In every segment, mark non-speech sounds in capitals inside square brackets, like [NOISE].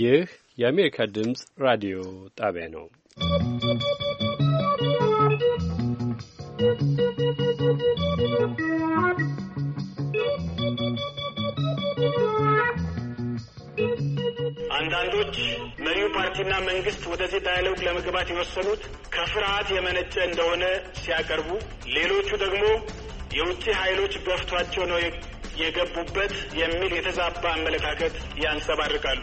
ይህ የአሜሪካ ድምፅ ራዲዮ ጣቢያ ነው። አንዳንዶች መሪው ፓርቲና መንግስት ወደዚህ ዳያሎግ ለመግባት የወሰኑት ከፍርሃት የመነጨ እንደሆነ ሲያቀርቡ፣ ሌሎቹ ደግሞ የውጭ ኃይሎች ገፍቷቸው ነው የገቡበት የሚል የተዛባ አመለካከት ያንጸባርቃሉ።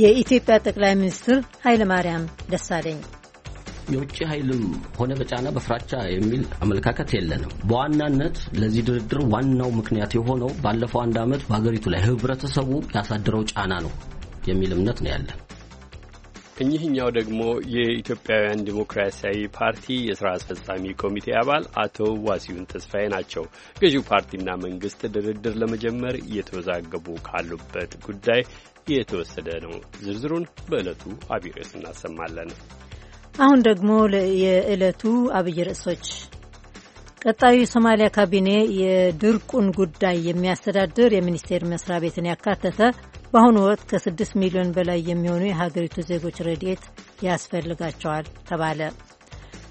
የኢትዮጵያ ጠቅላይ ሚኒስትር ኃይለማርያም ደሳለኝ የውጭ ኃይልም ሆነ በጫና በፍራቻ የሚል አመለካከት የለንም። በዋናነት ለዚህ ድርድር ዋናው ምክንያት የሆነው ባለፈው አንድ ዓመት በሀገሪቱ ላይ ህብረተሰቡ ያሳደረው ጫና ነው የሚል እምነት ነው ያለን። እኚህኛው ደግሞ የኢትዮጵያውያን ዲሞክራሲያዊ ፓርቲ የስራ አስፈጻሚ ኮሚቴ አባል አቶ ዋሲሁን ተስፋዬ ናቸው። ገዢው ፓርቲና መንግስት ድርድር ለመጀመር እየተወዛገቡ ካሉበት ጉዳይ የተወሰደ ነው። ዝርዝሩን በዕለቱ አብይ ርዕስ እናሰማለን። አሁን ደግሞ የዕለቱ አብይ ርዕሶች ቀጣዩ የሶማሊያ ካቢኔ የድርቁን ጉዳይ የሚያስተዳድር የሚኒስቴር መስሪያ ቤትን ያካተተ በአሁኑ ወቅት ከ6 ሚሊዮን በላይ የሚሆኑ የሀገሪቱ ዜጎች ረድኤት ያስፈልጋቸዋል ተባለ።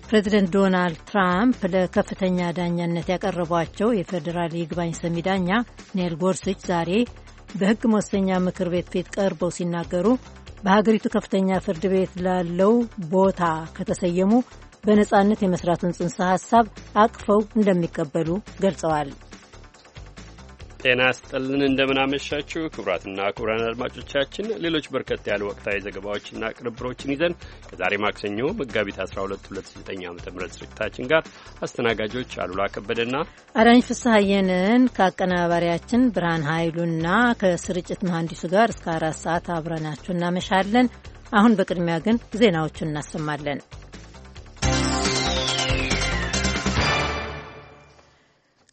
ፕሬዚደንት ዶናልድ ትራምፕ ለከፍተኛ ዳኛነት ያቀረቧቸው የፌዴራል ይግባኝ ሰሚ ዳኛ ኔል ጎርስች ዛሬ በሕግ መወሰኛ ምክር ቤት ፊት ቀርበው ሲናገሩ በሀገሪቱ ከፍተኛ ፍርድ ቤት ላለው ቦታ ከተሰየሙ በነጻነት የመስራትን ጽንሰ ሀሳብ አቅፈው እንደሚቀበሉ ገልጸዋል። ጤና ስጥልን እንደምናመሻችሁ ክቡራትና ክቡራን አድማጮቻችን ሌሎች በርከት ያሉ ወቅታዊ ዘገባዎችና ቅንብሮችን ይዘን ከዛሬ ማክሰኞ መጋቢት 12 2009 ዓ ም ስርጭታችን ጋር አስተናጋጆች አሉላ ከበደና አዳኝ ፍስሐየንን ከአቀናባሪያችን ብርሃን ኃይሉና ከስርጭት መሐንዲሱ ጋር እስከ አራት ሰዓት አብረናችሁ እናመሻለን። አሁን በቅድሚያ ግን ዜናዎቹን እናሰማለን።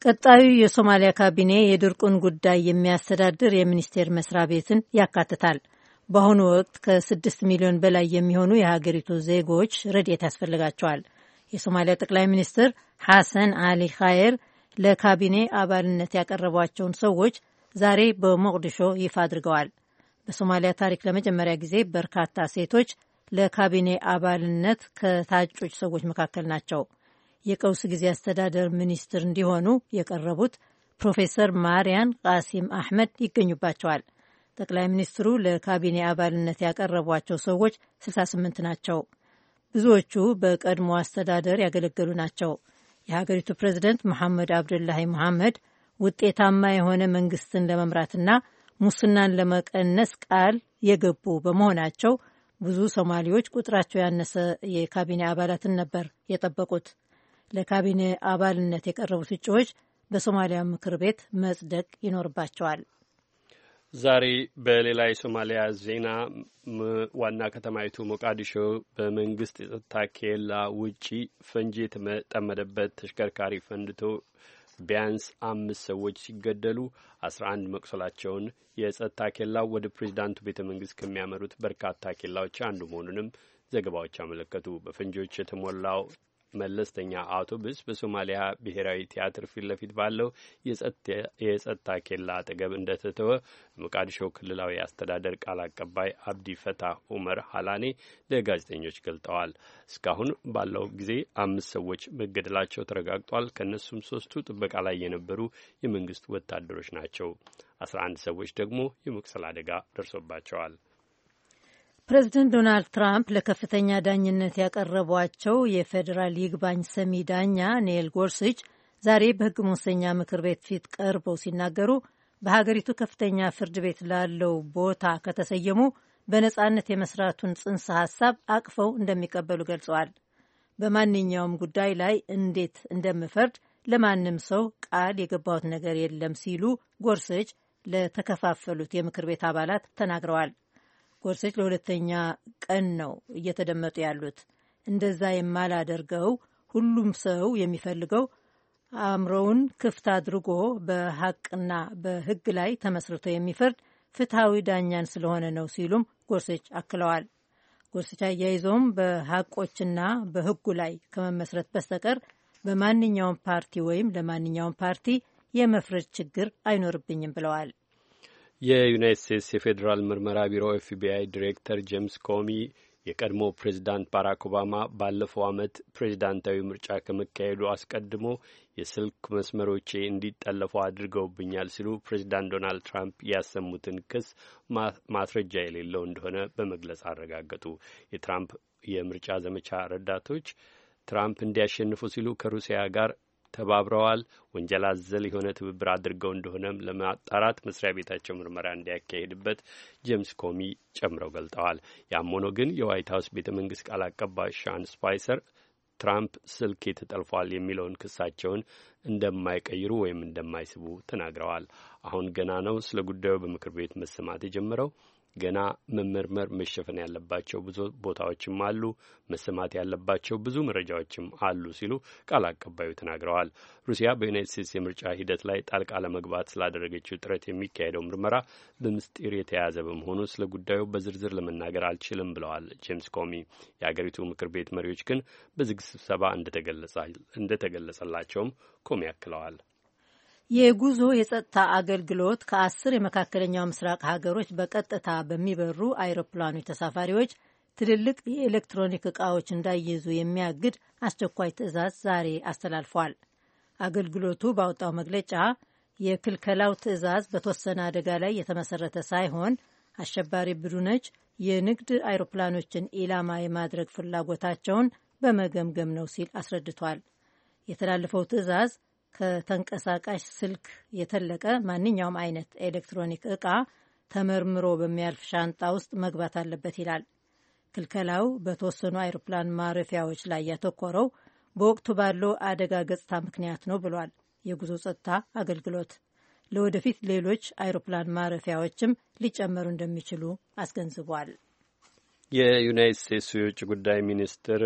ቀጣዩ የሶማሊያ ካቢኔ የድርቁን ጉዳይ የሚያስተዳድር የሚኒስቴር መስሪያ ቤትን ያካትታል። በአሁኑ ወቅት ከስድስት ሚሊዮን በላይ የሚሆኑ የሀገሪቱ ዜጎች ረድኤት ያስፈልጋቸዋል። የሶማሊያ ጠቅላይ ሚኒስትር ሐሰን አሊ ካየር ለካቢኔ አባልነት ያቀረቧቸውን ሰዎች ዛሬ በሞቅዲሾ ይፋ አድርገዋል። በሶማሊያ ታሪክ ለመጀመሪያ ጊዜ በርካታ ሴቶች ለካቢኔ አባልነት ከታጮች ሰዎች መካከል ናቸው። የቀውስ ጊዜ አስተዳደር ሚኒስትር እንዲሆኑ የቀረቡት ፕሮፌሰር ማርያን ቃሲም አህመድ ይገኙባቸዋል። ጠቅላይ ሚኒስትሩ ለካቢኔ አባልነት ያቀረቧቸው ሰዎች 68 ናቸው። ብዙዎቹ በቀድሞ አስተዳደር ያገለገሉ ናቸው። የሀገሪቱ ፕሬዚደንት መሐመድ አብዱላሂ መሐመድ ውጤታማ የሆነ መንግስትን ለመምራትና ሙስናን ለመቀነስ ቃል የገቡ በመሆናቸው ብዙ ሶማሌዎች ቁጥራቸው ያነሰ የካቢኔ አባላትን ነበር የጠበቁት። ለካቢኔ አባልነት የቀረቡት እጩዎች በሶማሊያ ምክር ቤት መጽደቅ ይኖርባቸዋል። ዛሬ በሌላ የሶማሊያ ዜና ዋና ከተማይቱ ሞቃዲሾ በመንግስት የጸጥታ ኬላ ውጪ ፈንጂ የተጠመደበት ተሽከርካሪ ፈንድቶ ቢያንስ አምስት ሰዎች ሲገደሉ አስራ አንድ መቁሰላቸውን የጸጥታ ኬላው ወደ ፕሬዚዳንቱ ቤተ መንግስት ከሚያመሩት በርካታ ኬላዎች አንዱ መሆኑንም ዘገባዎች አመለከቱ። በፈንጂዎች የተሞላው መለስተኛ አውቶቡስ በሶማሊያ ብሔራዊ ቲያትር ፊት ለፊት ባለው የጸጥታ ኬላ አጠገብ እንደተተወ ሞቃዲሾ ክልላዊ አስተዳደር ቃል አቀባይ አብዲ ፈታህ ኡመር ሀላኔ ለጋዜጠኞች ገልጠዋል። እስካሁን ባለው ጊዜ አምስት ሰዎች መገደላቸው ተረጋግጧል። ከእነሱም ሶስቱ ጥበቃ ላይ የነበሩ የመንግስት ወታደሮች ናቸው። አስራ አንድ ሰዎች ደግሞ የመቁሰል አደጋ ደርሶባቸዋል። ፕሬዚደንት ዶናልድ ትራምፕ ለከፍተኛ ዳኝነት ያቀረቧቸው የፌዴራል ይግባኝ ሰሚ ዳኛ ኔል ጎርስች ዛሬ በሕግ መወሰኛ ምክር ቤት ፊት ቀርበው ሲናገሩ በሀገሪቱ ከፍተኛ ፍርድ ቤት ላለው ቦታ ከተሰየሙ በነፃነት የመስራቱን ጽንሰ ሀሳብ አቅፈው እንደሚቀበሉ ገልጸዋል። በማንኛውም ጉዳይ ላይ እንዴት እንደምፈርድ ለማንም ሰው ቃል የገባሁት ነገር የለም ሲሉ ጎርስች ለተከፋፈሉት የምክር ቤት አባላት ተናግረዋል። ኮርሶች ለሁለተኛ ቀን ነው እየተደመጡ ያሉት። እንደዛ የማላደርገው ሁሉም ሰው የሚፈልገው አእምሮውን ክፍት አድርጎ በሀቅና በሕግ ላይ ተመስርቶ የሚፈርድ ፍትሐዊ ዳኛን ስለሆነ ነው ሲሉም ጎርሴች አክለዋል። ጎርሴች አያይዘውም በሀቆችና በሕጉ ላይ ከመመስረት በስተቀር በማንኛውም ፓርቲ ወይም ለማንኛውም ፓርቲ የመፍረድ ችግር አይኖርብኝም ብለዋል። የዩናይት ስቴትስ የፌዴራል ምርመራ ቢሮ ኤፍቢአይ ዲሬክተር ጄምስ ኮሚ የቀድሞ ፕሬዚዳንት ባራክ ኦባማ ባለፈው ዓመት ፕሬዚዳንታዊ ምርጫ ከመካሄዱ አስቀድሞ የስልክ መስመሮቼ እንዲጠለፉ አድርገውብኛል ሲሉ ፕሬዚዳንት ዶናልድ ትራምፕ ያሰሙትን ክስ ማስረጃ የሌለው እንደሆነ በመግለጽ አረጋገጡ። የትራምፕ የምርጫ ዘመቻ ረዳቶች ትራምፕ እንዲያሸንፉ ሲሉ ከሩሲያ ጋር ተባብረዋል፣ ወንጀል አዘል የሆነ ትብብር አድርገው እንደሆነም ለማጣራት መስሪያ ቤታቸው ምርመራ እንዲያካሄድበት ጄምስ ኮሚ ጨምረው ገልጠዋል። ያም ሆኖ ግን የዋይት ሀውስ ቤተ መንግስት ቃል አቀባይ ሻን ስፓይሰር ትራምፕ ስልኬ ተጠልፏል የሚለውን ክሳቸውን እንደማይቀይሩ ወይም እንደማይስቡ ተናግረዋል። አሁን ገና ነው። ስለ ጉዳዩ በምክር ቤት መሰማት የጀመረው ገና መመርመር መሸፈን ያለባቸው ብዙ ቦታዎችም አሉ፣ መሰማት ያለባቸው ብዙ መረጃዎችም አሉ ሲሉ ቃል አቀባዩ ተናግረዋል። ሩሲያ በዩናይት ስቴትስ የምርጫ ሂደት ላይ ጣልቃ ለመግባት ስላደረገችው ጥረት የሚካሄደው ምርመራ በምስጢር የተያዘ በመሆኑ ስለ ጉዳዩ በዝርዝር ለመናገር አልችልም ብለዋል ጄምስ ኮሚ። የአገሪቱ ምክር ቤት መሪዎች ግን በዝግ ስብሰባ እንደተገለጸላቸውም ኮሚ አክለዋል። የጉዞ የጸጥታ አገልግሎት ከአስር የመካከለኛው ምስራቅ ሀገሮች በቀጥታ በሚበሩ አይሮፕላኖች ተሳፋሪዎች ትልልቅ የኤሌክትሮኒክ እቃዎች እንዳይይዙ የሚያግድ አስቸኳይ ትዕዛዝ ዛሬ አስተላልፏል። አገልግሎቱ ባወጣው መግለጫ የክልከላው ትዕዛዝ በተወሰነ አደጋ ላይ የተመሰረተ ሳይሆን አሸባሪ ቡድኖች የንግድ አይሮፕላኖችን ኢላማ የማድረግ ፍላጎታቸውን በመገምገም ነው ሲል አስረድቷል። የተላለፈው ትዕዛዝ ከተንቀሳቃሽ ስልክ የተለቀ ማንኛውም አይነት ኤሌክትሮኒክ ዕቃ ተመርምሮ በሚያልፍ ሻንጣ ውስጥ መግባት አለበት ይላል። ክልከላው በተወሰኑ አይሮፕላን ማረፊያዎች ላይ ያተኮረው በወቅቱ ባለው አደጋ ገጽታ ምክንያት ነው ብሏል የጉዞ ጸጥታ አገልግሎት። ለወደፊት ሌሎች አይሮፕላን ማረፊያዎችም ሊጨመሩ እንደሚችሉ አስገንዝቧል። የዩናይት ስቴትስ የውጭ ጉዳይ ሚኒስትር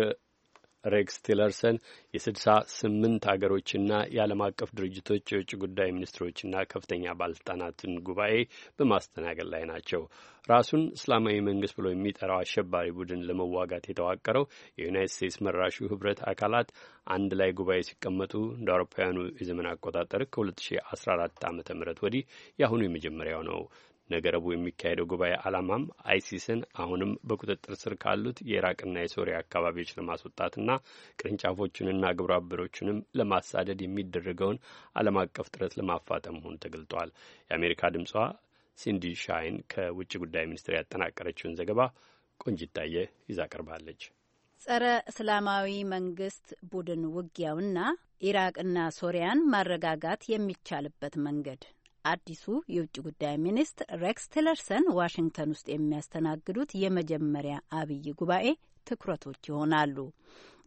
ሬክስ ቲለርሰን የስድሳ ስምንት አገሮችና የዓለም አቀፍ ድርጅቶች የውጭ ጉዳይ ሚኒስትሮችና ከፍተኛ ባለስልጣናትን ጉባኤ በማስተናገድ ላይ ናቸው። ራሱን እስላማዊ መንግስት ብሎ የሚጠራው አሸባሪ ቡድን ለመዋጋት የተዋቀረው የዩናይት ስቴትስ መራሹ ህብረት አካላት አንድ ላይ ጉባኤ ሲቀመጡ እንደ አውሮፓውያኑ የዘመን አቆጣጠር ከ2014 ዓ ም ወዲህ የአሁኑ የመጀመሪያው ነው። ነገ ረቡዕ የሚካሄደው ጉባኤ ዓላማም አይሲስን አሁንም በቁጥጥር ስር ካሉት የኢራቅና የሶሪያ አካባቢዎች ለማስወጣትና ቅርንጫፎቹንና ግብረ አበሮቹንም ለማሳደድ የሚደረገውን ዓለም አቀፍ ጥረት ለማፋጠም መሆኑ ተገልጧል። የአሜሪካ ድምጿ ሲንዲ ሻይን ከውጭ ጉዳይ ሚኒስቴር ያጠናቀረችውን ዘገባ ቆንጅታየ ይዛ ቀርባለች። ጸረ እስላማዊ መንግስት ቡድን ውጊያውና ኢራቅና ሶሪያን ማረጋጋት የሚቻልበት መንገድ አዲሱ የውጭ ጉዳይ ሚኒስትር ሬክስ ቲለርሰን ዋሽንግተን ውስጥ የሚያስተናግዱት የመጀመሪያ አብይ ጉባኤ ትኩረቶች ይሆናሉ።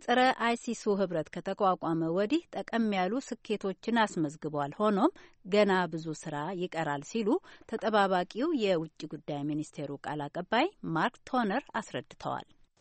ጸረ አይሲሱ ህብረት ከተቋቋመ ወዲህ ጠቀም ያሉ ስኬቶችን አስመዝግቧል። ሆኖም ገና ብዙ ስራ ይቀራል ሲሉ ተጠባባቂው የውጭ ጉዳይ ሚኒስቴሩ ቃል አቀባይ ማርክ ቶነር አስረድተዋል።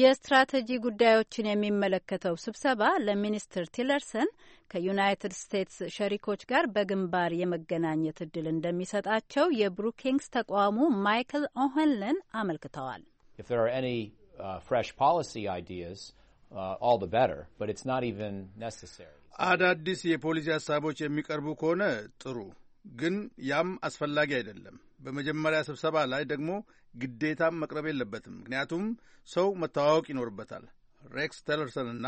የስትራቴጂ ጉዳዮችን የሚመለከተው ስብሰባ ለሚኒስትር ቲለርሰን ከዩናይትድ ስቴትስ ሸሪኮች ጋር በግንባር የመገናኘት እድል እንደሚሰጣቸው የብሩኪንግስ ተቋሙ ማይክል ኦኸንለን አመልክተዋል። uh, uh, አዳዲስ የፖሊሲ ሀሳቦች የሚቀርቡ ከሆነ ጥሩ፣ ግን ያም አስፈላጊ አይደለም። በመጀመሪያ ስብሰባ ላይ ደግሞ ግዴታም መቅረብ የለበትም፣ ምክንያቱም ሰው መተዋወቅ ይኖርበታል። ሬክስ እና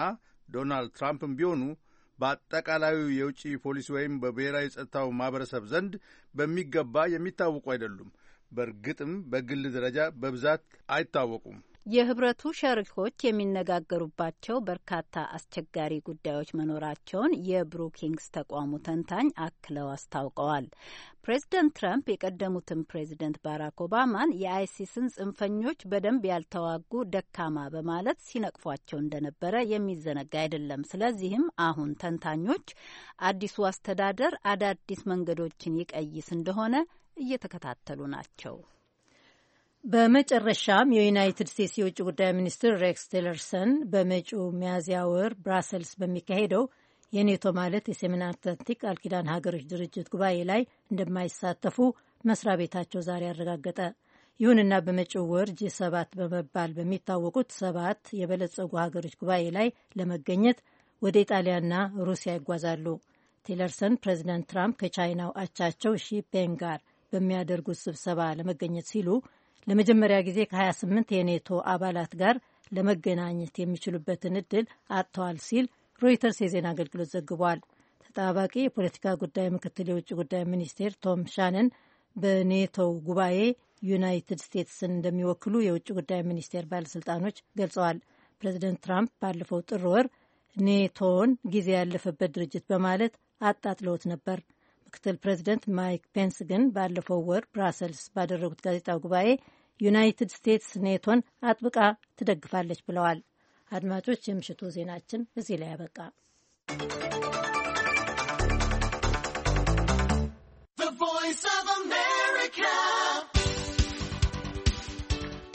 ዶናልድ ትራምፕም ቢሆኑ በአጠቃላዩ የውጭ ፖሊሲ ወይም በብሔራዊ ጸጥታው ማህበረሰብ ዘንድ በሚገባ የሚታወቁ አይደሉም። በእርግጥም በግል ደረጃ በብዛት አይታወቁም። የህብረቱ ሸሪኮች የሚነጋገሩባቸው በርካታ አስቸጋሪ ጉዳዮች መኖራቸውን የብሩኪንግስ ተቋሙ ተንታኝ አክለው አስታውቀዋል። ፕሬዝደንት ትራምፕ የቀደሙትን ፕሬዝደንት ባራክ ኦባማን የአይሲስን ጽንፈኞች በደንብ ያልተዋጉ ደካማ በማለት ሲነቅፏቸው እንደነበረ የሚዘነጋ አይደለም። ስለዚህም አሁን ተንታኞች አዲሱ አስተዳደር አዳዲስ መንገዶችን ይቀይስ እንደሆነ እየተከታተሉ ናቸው። በመጨረሻም የዩናይትድ ስቴትስ የውጭ ጉዳይ ሚኒስትር ሬክስ ቲለርሰን በመጪው ሚያዝያ ወር ብራሰልስ በሚካሄደው የኔቶ ማለት የሰሜን አትላንቲክ አልኪዳን ሀገሮች ድርጅት ጉባኤ ላይ እንደማይሳተፉ መስሪያ ቤታቸው ዛሬ አረጋገጠ። ይሁንና በመጪው ወር ጂ ሰባት በመባል በሚታወቁት ሰባት የበለጸጉ ሀገሮች ጉባኤ ላይ ለመገኘት ወደ ኢጣሊያና ሩሲያ ይጓዛሉ። ቲለርሰን ፕሬዚዳንት ትራምፕ ከቻይናው አቻቸው ሺ ፔንግ ጋር በሚያደርጉት ስብሰባ ለመገኘት ሲሉ ለመጀመሪያ ጊዜ ከ28 የኔቶ አባላት ጋር ለመገናኘት የሚችሉበትን እድል አጥተዋል ሲል ሮይተርስ የዜና አገልግሎት ዘግቧል። ተጣባቂ የፖለቲካ ጉዳይ ምክትል የውጭ ጉዳይ ሚኒስቴር ቶም ሻነን በኔቶ ጉባኤ ዩናይትድ ስቴትስን እንደሚወክሉ የውጭ ጉዳይ ሚኒስቴር ባለስልጣኖች ገልጸዋል። ፕሬዚደንት ትራምፕ ባለፈው ጥር ወር ኔቶን ጊዜ ያለፈበት ድርጅት በማለት አጣጥለውት ነበር። ምክትል ፕሬዚደንት ማይክ ፔንስ ግን ባለፈው ወር ብራሰልስ ባደረጉት ጋዜጣ ጉባኤ ዩናይትድ ስቴትስ ኔቶን አጥብቃ ትደግፋለች ብለዋል። አድማጮች፣ የምሽቱ ዜናችን እዚህ ላይ ያበቃ።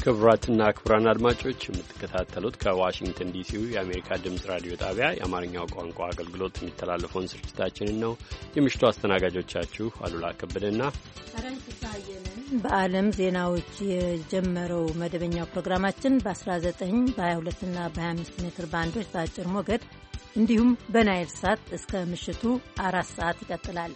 ክቡራትና ክቡራን አድማጮች የምትከታተሉት ከዋሽንግተን ዲሲው የአሜሪካ ድምፅ ራዲዮ ጣቢያ የአማርኛው ቋንቋ አገልግሎት የሚተላለፈውን ስርጭታችንን ነው። የምሽቱ አስተናጋጆቻችሁ አሉላ ከበደና በዓለም ዜናዎች የጀመረው መደበኛው ፕሮግራማችን በ19 በ22ና በ25 ሜትር ባንዶች በአጭር ሞገድ እንዲሁም በናይል ሳት እስከ ምሽቱ አራት ሰዓት ይቀጥላል።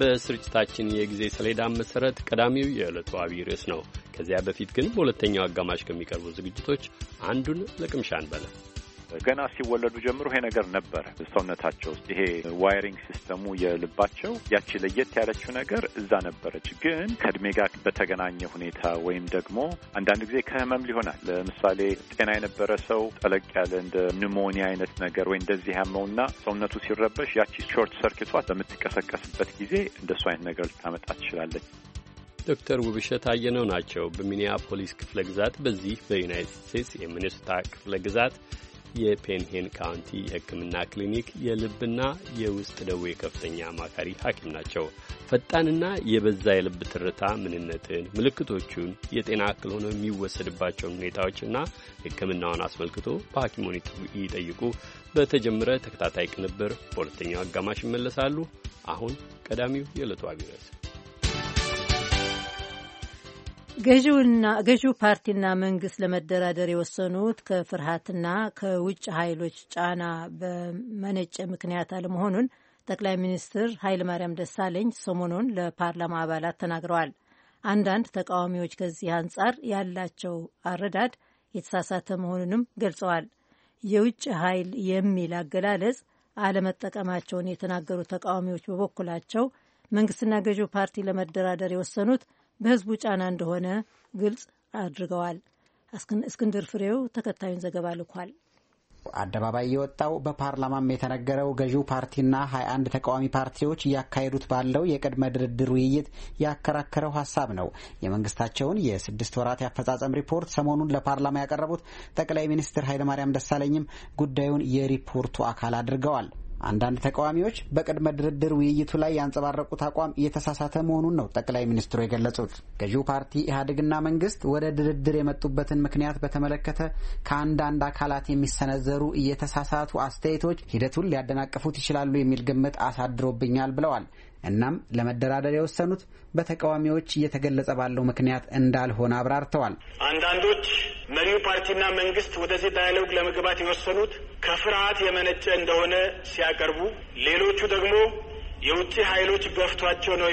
በስርጭታችን የጊዜ ሰሌዳ መሰረት ቀዳሚው የዕለቱ አብይ ርዕስ ነው። ከዚያ በፊት ግን በሁለተኛው አጋማሽ ከሚቀርቡ ዝግጅቶች አንዱን ለቅምሻን በለ ገና ሲወለዱ ጀምሮ ይሄ ነገር ነበረ ሰውነታቸው ውስጥ። ይሄ ዋይሪንግ ሲስተሙ የልባቸው ያቺ ለየት ያለችው ነገር እዛ ነበረች። ግን ከእድሜ ጋር በተገናኘ ሁኔታ ወይም ደግሞ አንዳንድ ጊዜ ከህመም ሊሆናል። ለምሳሌ ጤና የነበረ ሰው ጠለቅ ያለ እንደ ኒሞኒያ አይነት ነገር ወይ እንደዚህ ያመውና ሰውነቱ ሲረበሽ ያቺ ሾርት ሰርኪቷ በምትቀሰቀስበት ጊዜ እንደሱ አይነት ነገር ልታመጣ ትችላለች። ዶክተር ውብሸት አየነው ናቸው። በሚኒያፖሊስ ክፍለ ግዛት በዚህ በዩናይትድ ስቴትስ የሚኒሶታ ክፍለ ግዛት የፔንሄን ካውንቲ የሕክምና ክሊኒክ የልብና የውስጥ ደዌ ከፍተኛ አማካሪ ሐኪም ናቸው። ፈጣንና የበዛ የልብ ትርታ ምንነትን፣ ምልክቶቹን፣ የጤና እክል ሆነ የሚወሰድባቸውን ሁኔታዎችና ሕክምናውን አስመልክቶ በሐኪሞን ይጠይቁ በተጀመረ ተከታታይ ቅንብር በሁለተኛው አጋማሽ ይመለሳሉ። አሁን ቀዳሚው የዕለቱ አቢረስ ገዢው ፓርቲና መንግስት ለመደራደር የወሰኑት ከፍርሃትና ከውጭ ኃይሎች ጫና በመነጨ ምክንያት አለመሆኑን ጠቅላይ ሚኒስትር ኃይለማርያም ደሳለኝ ሰሞኑን ለፓርላማ አባላት ተናግረዋል። አንዳንድ ተቃዋሚዎች ከዚህ አንጻር ያላቸው አረዳድ የተሳሳተ መሆኑንም ገልጸዋል። የውጭ ኃይል የሚል አገላለጽ አለመጠቀማቸውን የተናገሩት ተቃዋሚዎች በበኩላቸው መንግስትና ገዢው ፓርቲ ለመደራደር የወሰኑት በህዝቡ ጫና እንደሆነ ግልጽ አድርገዋል። እስክንድር ፍሬው ተከታዩን ዘገባ ልኳል። አደባባይ የወጣው በፓርላማም የተነገረው ገዢው ፓርቲና ሀያ አንድ ተቃዋሚ ፓርቲዎች እያካሄዱት ባለው የቅድመ ድርድር ውይይት ያከራከረው ሀሳብ ነው። የመንግስታቸውን የስድስት ወራት የአፈጻጸም ሪፖርት ሰሞኑን ለፓርላማ ያቀረቡት ጠቅላይ ሚኒስትር ኃይለማርያም ደሳለኝም ጉዳዩን የሪፖርቱ አካል አድርገዋል። አንዳንድ ተቃዋሚዎች በቅድመ ድርድር ውይይቱ ላይ ያንጸባረቁት አቋም እየተሳሳተ መሆኑን ነው ጠቅላይ ሚኒስትሩ የገለጹት። ገዢው ፓርቲ ኢህአዴግና መንግስት ወደ ድርድር የመጡበትን ምክንያት በተመለከተ ከአንዳንድ አካላት የሚሰነዘሩ እየተሳሳቱ አስተያየቶች ሂደቱን ሊያደናቅፉት ይችላሉ የሚል ግምት አሳድሮብኛል ብለዋል። እናም ለመደራደር የወሰኑት በተቃዋሚዎች እየተገለጸ ባለው ምክንያት እንዳልሆነ አብራርተዋል። አንዳንዶች መሪው ፓርቲና መንግስት ወደዚህ ዳያሎግ ለመግባት የወሰኑት ከፍርሃት የመነጨ እንደሆነ ሲያቀርቡ፣ ሌሎቹ ደግሞ የውጭ ኃይሎች ገፍቷቸው ነው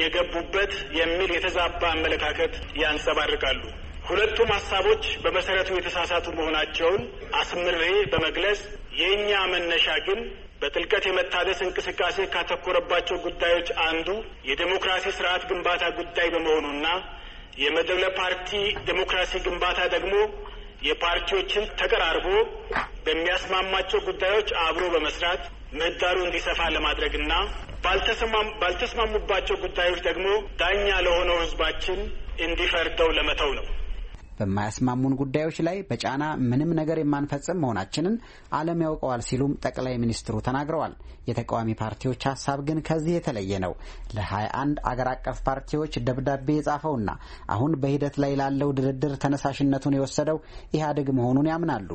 የገቡበት የሚል የተዛባ አመለካከት ያንጸባርቃሉ። ሁለቱም ሀሳቦች በመሰረቱ የተሳሳቱ መሆናቸውን አስምሬ በመግለጽ የእኛ መነሻ ግን በጥልቀት የመታደስ እንቅስቃሴ ካተኮረባቸው ጉዳዮች አንዱ የዴሞክራሲ ስርዓት ግንባታ ጉዳይ በመሆኑና የመድብለ ፓርቲ ዴሞክራሲ ግንባታ ደግሞ የፓርቲዎችን ተቀራርቦ በሚያስማማቸው ጉዳዮች አብሮ በመስራት ምህዳሩ እንዲሰፋ ለማድረግና ባልተስማሙባቸው ጉዳዮች ደግሞ ዳኛ ለሆነው ህዝባችን እንዲፈርደው ለመተው ነው። በማያስማሙን ጉዳዮች ላይ በጫና ምንም ነገር የማንፈጽም መሆናችንን ዓለም ያውቀዋል ሲሉም ጠቅላይ ሚኒስትሩ ተናግረዋል። የተቃዋሚ ፓርቲዎች ሀሳብ ግን ከዚህ የተለየ ነው። ለ21 አገር አቀፍ ፓርቲዎች ደብዳቤ የጻፈውና አሁን በሂደት ላይ ላለው ድርድር ተነሳሽነቱን የወሰደው ኢህአዴግ መሆኑን ያምናሉ።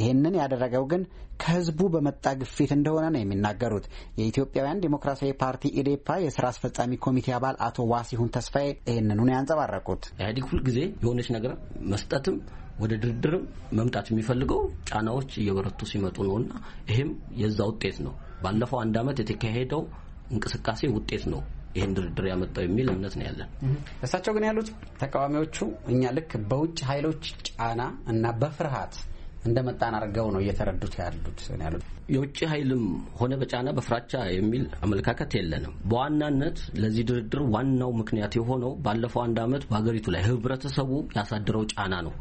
ይህንን ያደረገው ግን ከህዝቡ በመጣ ግፊት እንደሆነ ነው የሚናገሩት። የኢትዮጵያውያን ዴሞክራሲያዊ ፓርቲ ኢዴፓ የስራ አስፈጻሚ ኮሚቴ አባል አቶ ዋሲሁን ተስፋዬ ይህንኑን ያንጸባረቁት ኢህአዴግ ሁልጊዜ የሆነች ነገር መስጠትም ወደ ድርድርም መምጣት የሚፈልገው ጫናዎች እየበረቱ ሲመጡ ነውና ይህም የዛ ውጤት ነው። ባለፈው አንድ አመት የተካሄደው እንቅስቃሴ ውጤት ነው ይህን ድርድር ያመጣው የሚል እምነት ነው ያለን። እሳቸው ግን ያሉት ተቃዋሚዎቹ እኛ ልክ በውጭ ኃይሎች ጫና እና በፍርሃት እንደመጣን አድርገው ነው እየተረዱት ያሉት ያሉት የውጭ ኃይልም ሆነ በጫና በፍራቻ የሚል አመለካከት የለንም። በዋናነት ለዚህ ድርድር ዋናው ምክንያት የሆነው ባለፈው አንድ አመት በሀገሪቱ ላይ ህብረተሰቡ ያሳደረው ጫና ነው።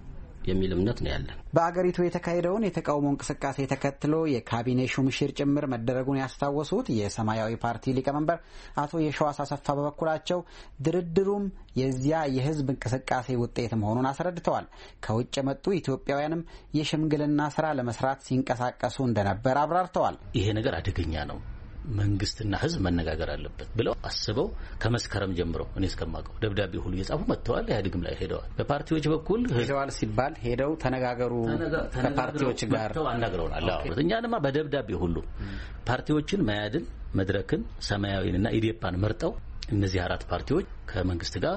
የሚል እምነት ነው ያለን። በአገሪቱ የተካሄደውን የተቃውሞ እንቅስቃሴ ተከትሎ የካቢኔ ሹምሽር ጭምር መደረጉን ያስታወሱት የሰማያዊ ፓርቲ ሊቀመንበር አቶ የሸዋስ አሰፋ በበኩላቸው ድርድሩም የዚያ የህዝብ እንቅስቃሴ ውጤት መሆኑን አስረድተዋል። ከውጭ የመጡ ኢትዮጵያውያንም የሽምግልና ስራ ለመስራት ሲንቀሳቀሱ እንደነበር አብራርተዋል። ይሄ ነገር አደገኛ ነው መንግስትና ህዝብ መነጋገር አለበት ብለው አስበው ከመስከረም ጀምሮ እኔ እስከማውቀው ደብዳቤ ሁሉ እየጻፉ መጥተዋል። ኢህአዴግም ላይ ሄደዋል። በፓርቲዎች በኩል ሄደዋል ሲባል ሄደው ተነጋገሩ ከፓርቲዎች ጋር አናግረውናል። እኛ በደብዳቤ ሁሉ ፓርቲዎችን መያድን፣ መድረክን፣ ሰማያዊንና ኢዴፓን መርጠው እነዚህ አራት ፓርቲዎች ከመንግስት ጋር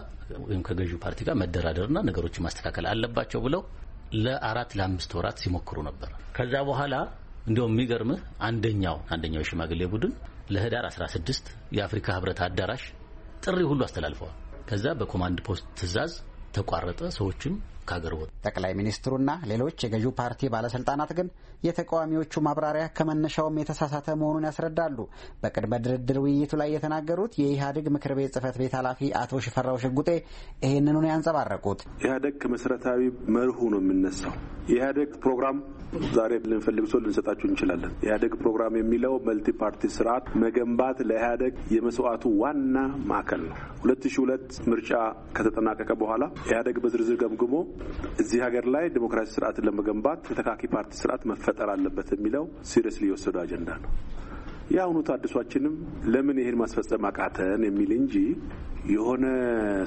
ወይም ከገዢው ፓርቲ ጋር መደራደርና ነገሮችን ማስተካከል አለባቸው ብለው ለአራት ለአምስት ወራት ሲሞክሩ ነበር። ከዛ በኋላ እንዲሁም የሚገርምህ አንደኛው አንደኛው የሽማግሌ ቡድን ለህዳር 16 የአፍሪካ ህብረት አዳራሽ ጥሪ ሁሉ አስተላልፈዋል። ከዛ በኮማንድ ፖስት ትእዛዝ ተቋረጠ። ሰዎችም ከሀገር ወጡ። ጠቅላይ ሚኒስትሩና ሌሎች የገዢው ፓርቲ ባለስልጣናት ግን የተቃዋሚዎቹ ማብራሪያ ከመነሻውም የተሳሳተ መሆኑን ያስረዳሉ። በቅድመ ድርድር ውይይቱ ላይ የተናገሩት የኢህአዴግ ምክር ቤት ጽህፈት ቤት ኃላፊ አቶ ሽፈራው ሽጉጤ ይህንኑ ነው ያንጸባረቁት። ኢህአዴግ ከመሰረታዊ መርሁ ነው የሚነሳው። የኢህአዴግ ፕሮግራም ዛሬ ልንፈልግ ሰው ልንሰጣችሁ እንችላለን። ኢህአዴግ ፕሮግራም የሚለው መልቲ ፓርቲ ስርዓት መገንባት ለኢህአዴግ የመስዋዕቱ ዋና ማዕከል ነው። ሁለት ሺ ሁለት ምርጫ ከተጠናቀቀ በኋላ ኢህአዴግ በዝርዝር ገምግሞ እዚህ ሀገር ላይ ዲሞክራሲ ስርዓትን ለመገንባት ተተካኪ ፓርቲ ስርዓት መፈ መፈጠር አለበት የሚለው ሲሪየስሊ የወሰዱ አጀንዳ ነው። የአሁኑ ታድሷችንም ለምን ይህን ማስፈጸም አቃተን የሚል እንጂ የሆነ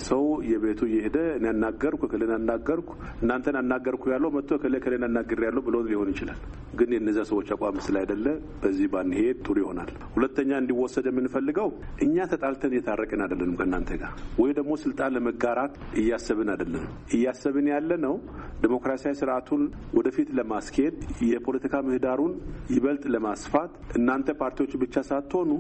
ሰው የቤቱ እየሄደ እኔ አናገርኩ እከሌን አናገርኩ እናንተን አናገርኩ ያለው መጥቶ እከሌ እከሌን አናግር ያለው ብሎ ሊሆን ይችላል። ግን የነዚያ ሰዎች አቋም ስላይደለ በዚህ ባንሄድ ጥሩ ይሆናል። ሁለተኛ እንዲወሰድ የምንፈልገው እኛ ተጣልተን እየታረቅን አይደለንም ከእናንተ ጋር ወይ ደግሞ ስልጣን ለመጋራት እያሰብን አይደለም እያሰብን ያለ ነው ዲሞክራሲያዊ ስርዓቱን ወደፊት ለማስኬድ የፖለቲካ ምህዳሩን ይበልጥ ለማስፋት እናንተ ፓርቲዎች ፓርቲዎች ብቻ ሳትሆኑ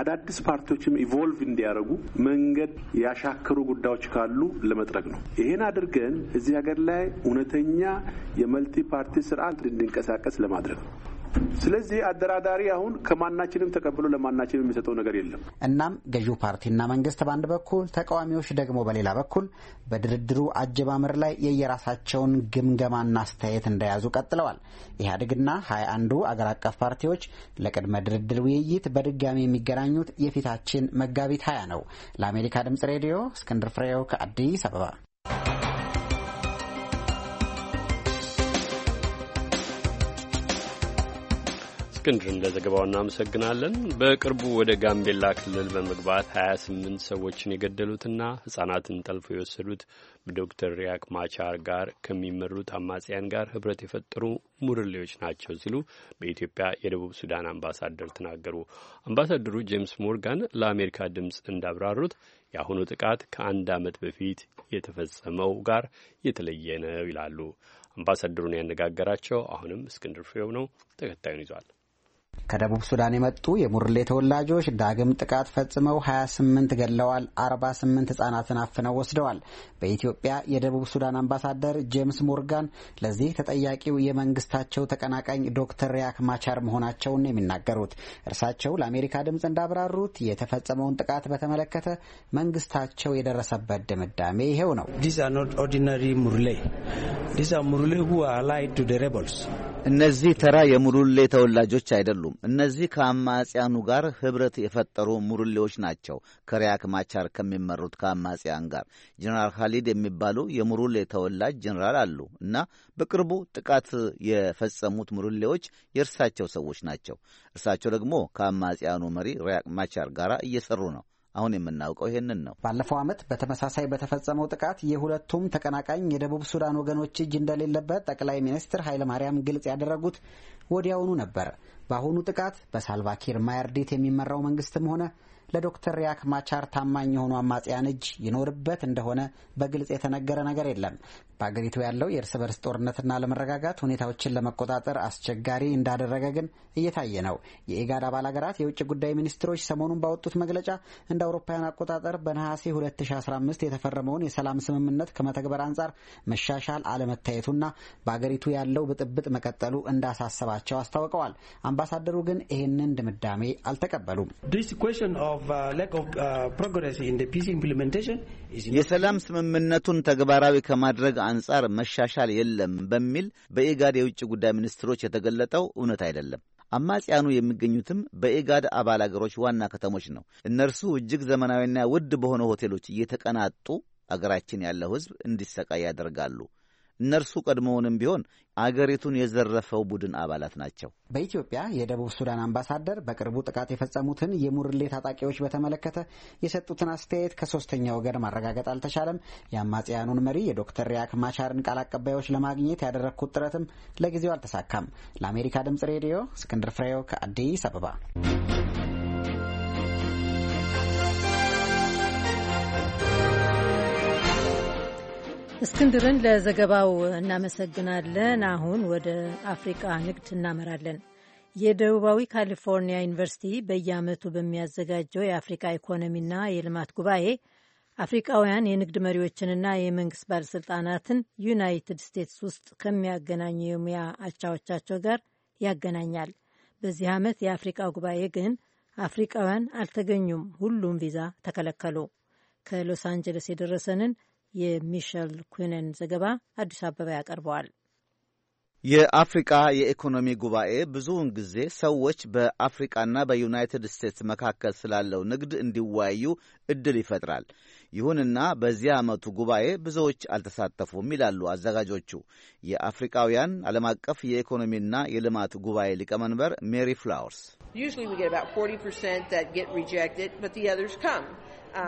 አዳዲስ ፓርቲዎችም ኢቮልቭ እንዲያደርጉ መንገድ ያሻከሩ ጉዳዮች ካሉ ለመጥረግ ነው። ይህን አድርገን እዚህ ሀገር ላይ እውነተኛ የመልቲ ፓርቲ ስርዓት እንዲንቀሳቀስ ለማድረግ ነው። ስለዚህ አደራዳሪ አሁን ከማናችንም ተቀብሎ ለማናችንም የሚሰጠው ነገር የለም። እናም ገዢው ፓርቲና መንግስት በአንድ በኩል፣ ተቃዋሚዎች ደግሞ በሌላ በኩል በድርድሩ አጀማመር ላይ የየራሳቸውን ግምገማና አስተያየት እንደያዙ ቀጥለዋል። ኢህአዴግና ሀያ አንዱ አገር አቀፍ ፓርቲዎች ለቅድመ ድርድር ውይይት በድጋሚ የሚገናኙት የፊታችን መጋቢት ሀያ ነው። ለአሜሪካ ድምጽ ሬዲዮ እስክንድር ፍሬው ከአዲስ አበባ እንደ ለዘገባው እናመሰግናለን። በቅርቡ ወደ ጋምቤላ ክልል በመግባት 28 ሰዎችን የገደሉትና ሕጻናትን ጠልፎ የወሰዱት በዶክተር ሪያክ ማቻር ጋር ከሚመሩት አማጽያን ጋር ህብረት የፈጠሩ ሙርሌዎች ናቸው ሲሉ በኢትዮጵያ የደቡብ ሱዳን አምባሳደር ተናገሩ። አምባሳደሩ ጄምስ ሞርጋን ለአሜሪካ ድምፅ እንዳብራሩት የአሁኑ ጥቃት ከአንድ ዓመት በፊት የተፈጸመው ጋር የተለየ ነው ይላሉ። አምባሳደሩን ያነጋገራቸው አሁንም እስክንድር ፍሬው ነው። ተከታዩን ይዟል። ከደቡብ ሱዳን የመጡ የሙርሌ ተወላጆች ዳግም ጥቃት ፈጽመው 28 ገለዋል 48 ህጻናትን አፍነው ወስደዋል። በኢትዮጵያ የደቡብ ሱዳን አምባሳደር ጄምስ ሞርጋን ለዚህ ተጠያቂው የመንግስታቸው ተቀናቃኝ ዶክተር ሪያክ ማቻር መሆናቸውን ነው የሚናገሩት። እርሳቸው ለአሜሪካ ድምፅ እንዳብራሩት የተፈጸመውን ጥቃት በተመለከተ መንግስታቸው የደረሰበት ድምዳሜ ይሄው ነው። እነዚህ ተራ የሙርሌ ተወላጆች አይደሉም። አይደሉም። እነዚህ ከአማጽያኑ ጋር ህብረት የፈጠሩ ሙርሌዎች ናቸው። ከሪያክ ማቻር ከሚመሩት ከአማጽያን ጋር ጀኔራል ካሊድ የሚባሉ የሙሩሌ ተወላጅ ጀኔራል አሉ እና በቅርቡ ጥቃት የፈጸሙት ሙርሌዎች የእርሳቸው ሰዎች ናቸው። እርሳቸው ደግሞ ከአማጽያኑ መሪ ሪያክ ማቻር ጋር እየሰሩ ነው። አሁን የምናውቀው ይህንን ነው። ባለፈው ዓመት በተመሳሳይ በተፈጸመው ጥቃት የሁለቱም ተቀናቃኝ የደቡብ ሱዳን ወገኖች እጅ እንደሌለበት ጠቅላይ ሚኒስትር ኃይለማርያም ግልጽ ያደረጉት ወዲያውኑ ነበር። በአሁኑ ጥቃት በሳልቫኪር ማያርዲት የሚመራው መንግስትም ሆነ ለዶክተር ሪያክ ማቻር ታማኝ የሆኑ አማጽያን እጅ ይኖርበት እንደሆነ በግልጽ የተነገረ ነገር የለም። በአገሪቱ ያለው የእርስ በርስ ጦርነትና ለመረጋጋት ሁኔታዎችን ለመቆጣጠር አስቸጋሪ እንዳደረገ ግን እየታየ ነው። የኢጋድ አባል ሀገራት የውጭ ጉዳይ ሚኒስትሮች ሰሞኑን ባወጡት መግለጫ እንደ አውሮፓውያን አቆጣጠር በነሐሴ 2015 የተፈረመውን የሰላም ስምምነት ከመተግበር አንጻር መሻሻል አለመታየቱና በአገሪቱ ያለው ብጥብጥ መቀጠሉ እንዳሳሰባቸው አስታውቀዋል። አምባሳደሩ ግን ይህንን ድምዳሜ አልተቀበሉም። uh, uh, የሰላም ስምምነቱን ተግባራዊ ከማድረግ አንጻር መሻሻል የለም በሚል በኢጋድ የውጭ ጉዳይ ሚኒስትሮች የተገለጠው እውነት አይደለም። አማጽያኑ የሚገኙትም በኢጋድ አባል አገሮች ዋና ከተሞች ነው። እነርሱ እጅግ ዘመናዊና ውድ በሆነ ሆቴሎች እየተቀናጡ አገራችን ያለው ሕዝብ እንዲሰቃይ ያደርጋሉ። እነርሱ ቀድሞውንም ቢሆን አገሪቱን የዘረፈው ቡድን አባላት ናቸው። በኢትዮጵያ የደቡብ ሱዳን አምባሳደር በቅርቡ ጥቃት የፈጸሙትን የሙርሌ ታጣቂዎች በተመለከተ የሰጡትን አስተያየት ከሶስተኛ ወገን ማረጋገጥ አልተቻለም። የአማጽያኑን መሪ የዶክተር ሪያክ ማቻርን ቃል አቀባዮች ለማግኘት ያደረግኩት ጥረትም ለጊዜው አልተሳካም። ለአሜሪካ ድምጽ ሬዲዮ እስክንድር ፍሬው ከአዲስ አበባ እስክንድርን ለዘገባው እናመሰግናለን። አሁን ወደ አፍሪቃ ንግድ እናመራለን። የደቡባዊ ካሊፎርኒያ ዩኒቨርሲቲ በየዓመቱ በሚያዘጋጀው የአፍሪቃ ኢኮኖሚና የልማት ጉባኤ አፍሪቃውያን የንግድ መሪዎችንና የመንግስት ባለሥልጣናትን ዩናይትድ ስቴትስ ውስጥ ከሚያገናኙ የሙያ አቻዎቻቸው ጋር ያገናኛል። በዚህ ዓመት የአፍሪቃ ጉባኤ ግን አፍሪቃውያን አልተገኙም። ሁሉም ቪዛ ተከለከሉ። ከሎስ አንጀለስ የደረሰንን የሚሸል ኩንን ዘገባ አዲስ አበባ ያቀርበዋል። የአፍሪቃ የኢኮኖሚ ጉባኤ ብዙውን ጊዜ ሰዎች በአፍሪቃና በዩናይትድ ስቴትስ መካከል ስላለው ንግድ እንዲወያዩ እድል ይፈጥራል። ይሁንና በዚህ ዓመቱ ጉባኤ ብዙዎች አልተሳተፉም ይላሉ አዘጋጆቹ። የአፍሪቃውያን ዓለም አቀፍ የኢኮኖሚና የልማት ጉባኤ ሊቀመንበር ሜሪ ፍላወርስ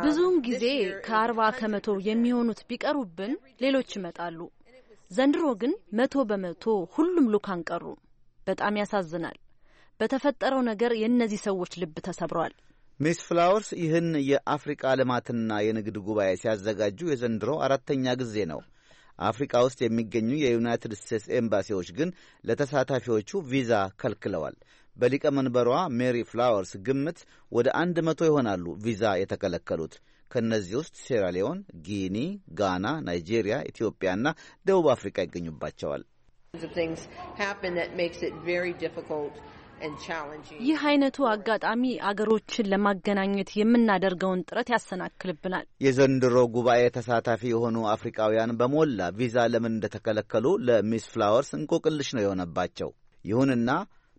ብዙውን ጊዜ ከአርባ ከመቶ የሚሆኑት ቢቀሩብን ሌሎች ይመጣሉ። ዘንድሮ ግን መቶ በመቶ ሁሉም ልኡካን ቀሩ። በጣም ያሳዝናል። በተፈጠረው ነገር የእነዚህ ሰዎች ልብ ተሰብሯል። ሚስ ፍላወርስ ይህን የአፍሪቃ ልማትና የንግድ ጉባኤ ሲያዘጋጁ የዘንድሮ አራተኛ ጊዜ ነው። አፍሪቃ ውስጥ የሚገኙ የዩናይትድ ስቴትስ ኤምባሲዎች ግን ለተሳታፊዎቹ ቪዛ ከልክለዋል። በሊቀመንበሯ ሜሪ ፍላወርስ ግምት ወደ አንድ መቶ ይሆናሉ ቪዛ የተከለከሉት። ከእነዚህ ውስጥ ሴራሊዮን፣ ጊኒ፣ ጋና፣ ናይጄሪያ፣ ኢትዮጵያና ደቡብ አፍሪካ ይገኙባቸዋል። ይህ አይነቱ አጋጣሚ አገሮችን ለማገናኘት የምናደርገውን ጥረት ያሰናክልብናል። የዘንድሮ ጉባኤ ተሳታፊ የሆኑ አፍሪካውያን በሞላ ቪዛ ለምን እንደተከለከሉ ለሚስ ፍላወርስ እንቆቅልሽ ነው የሆነባቸው። ይሁንና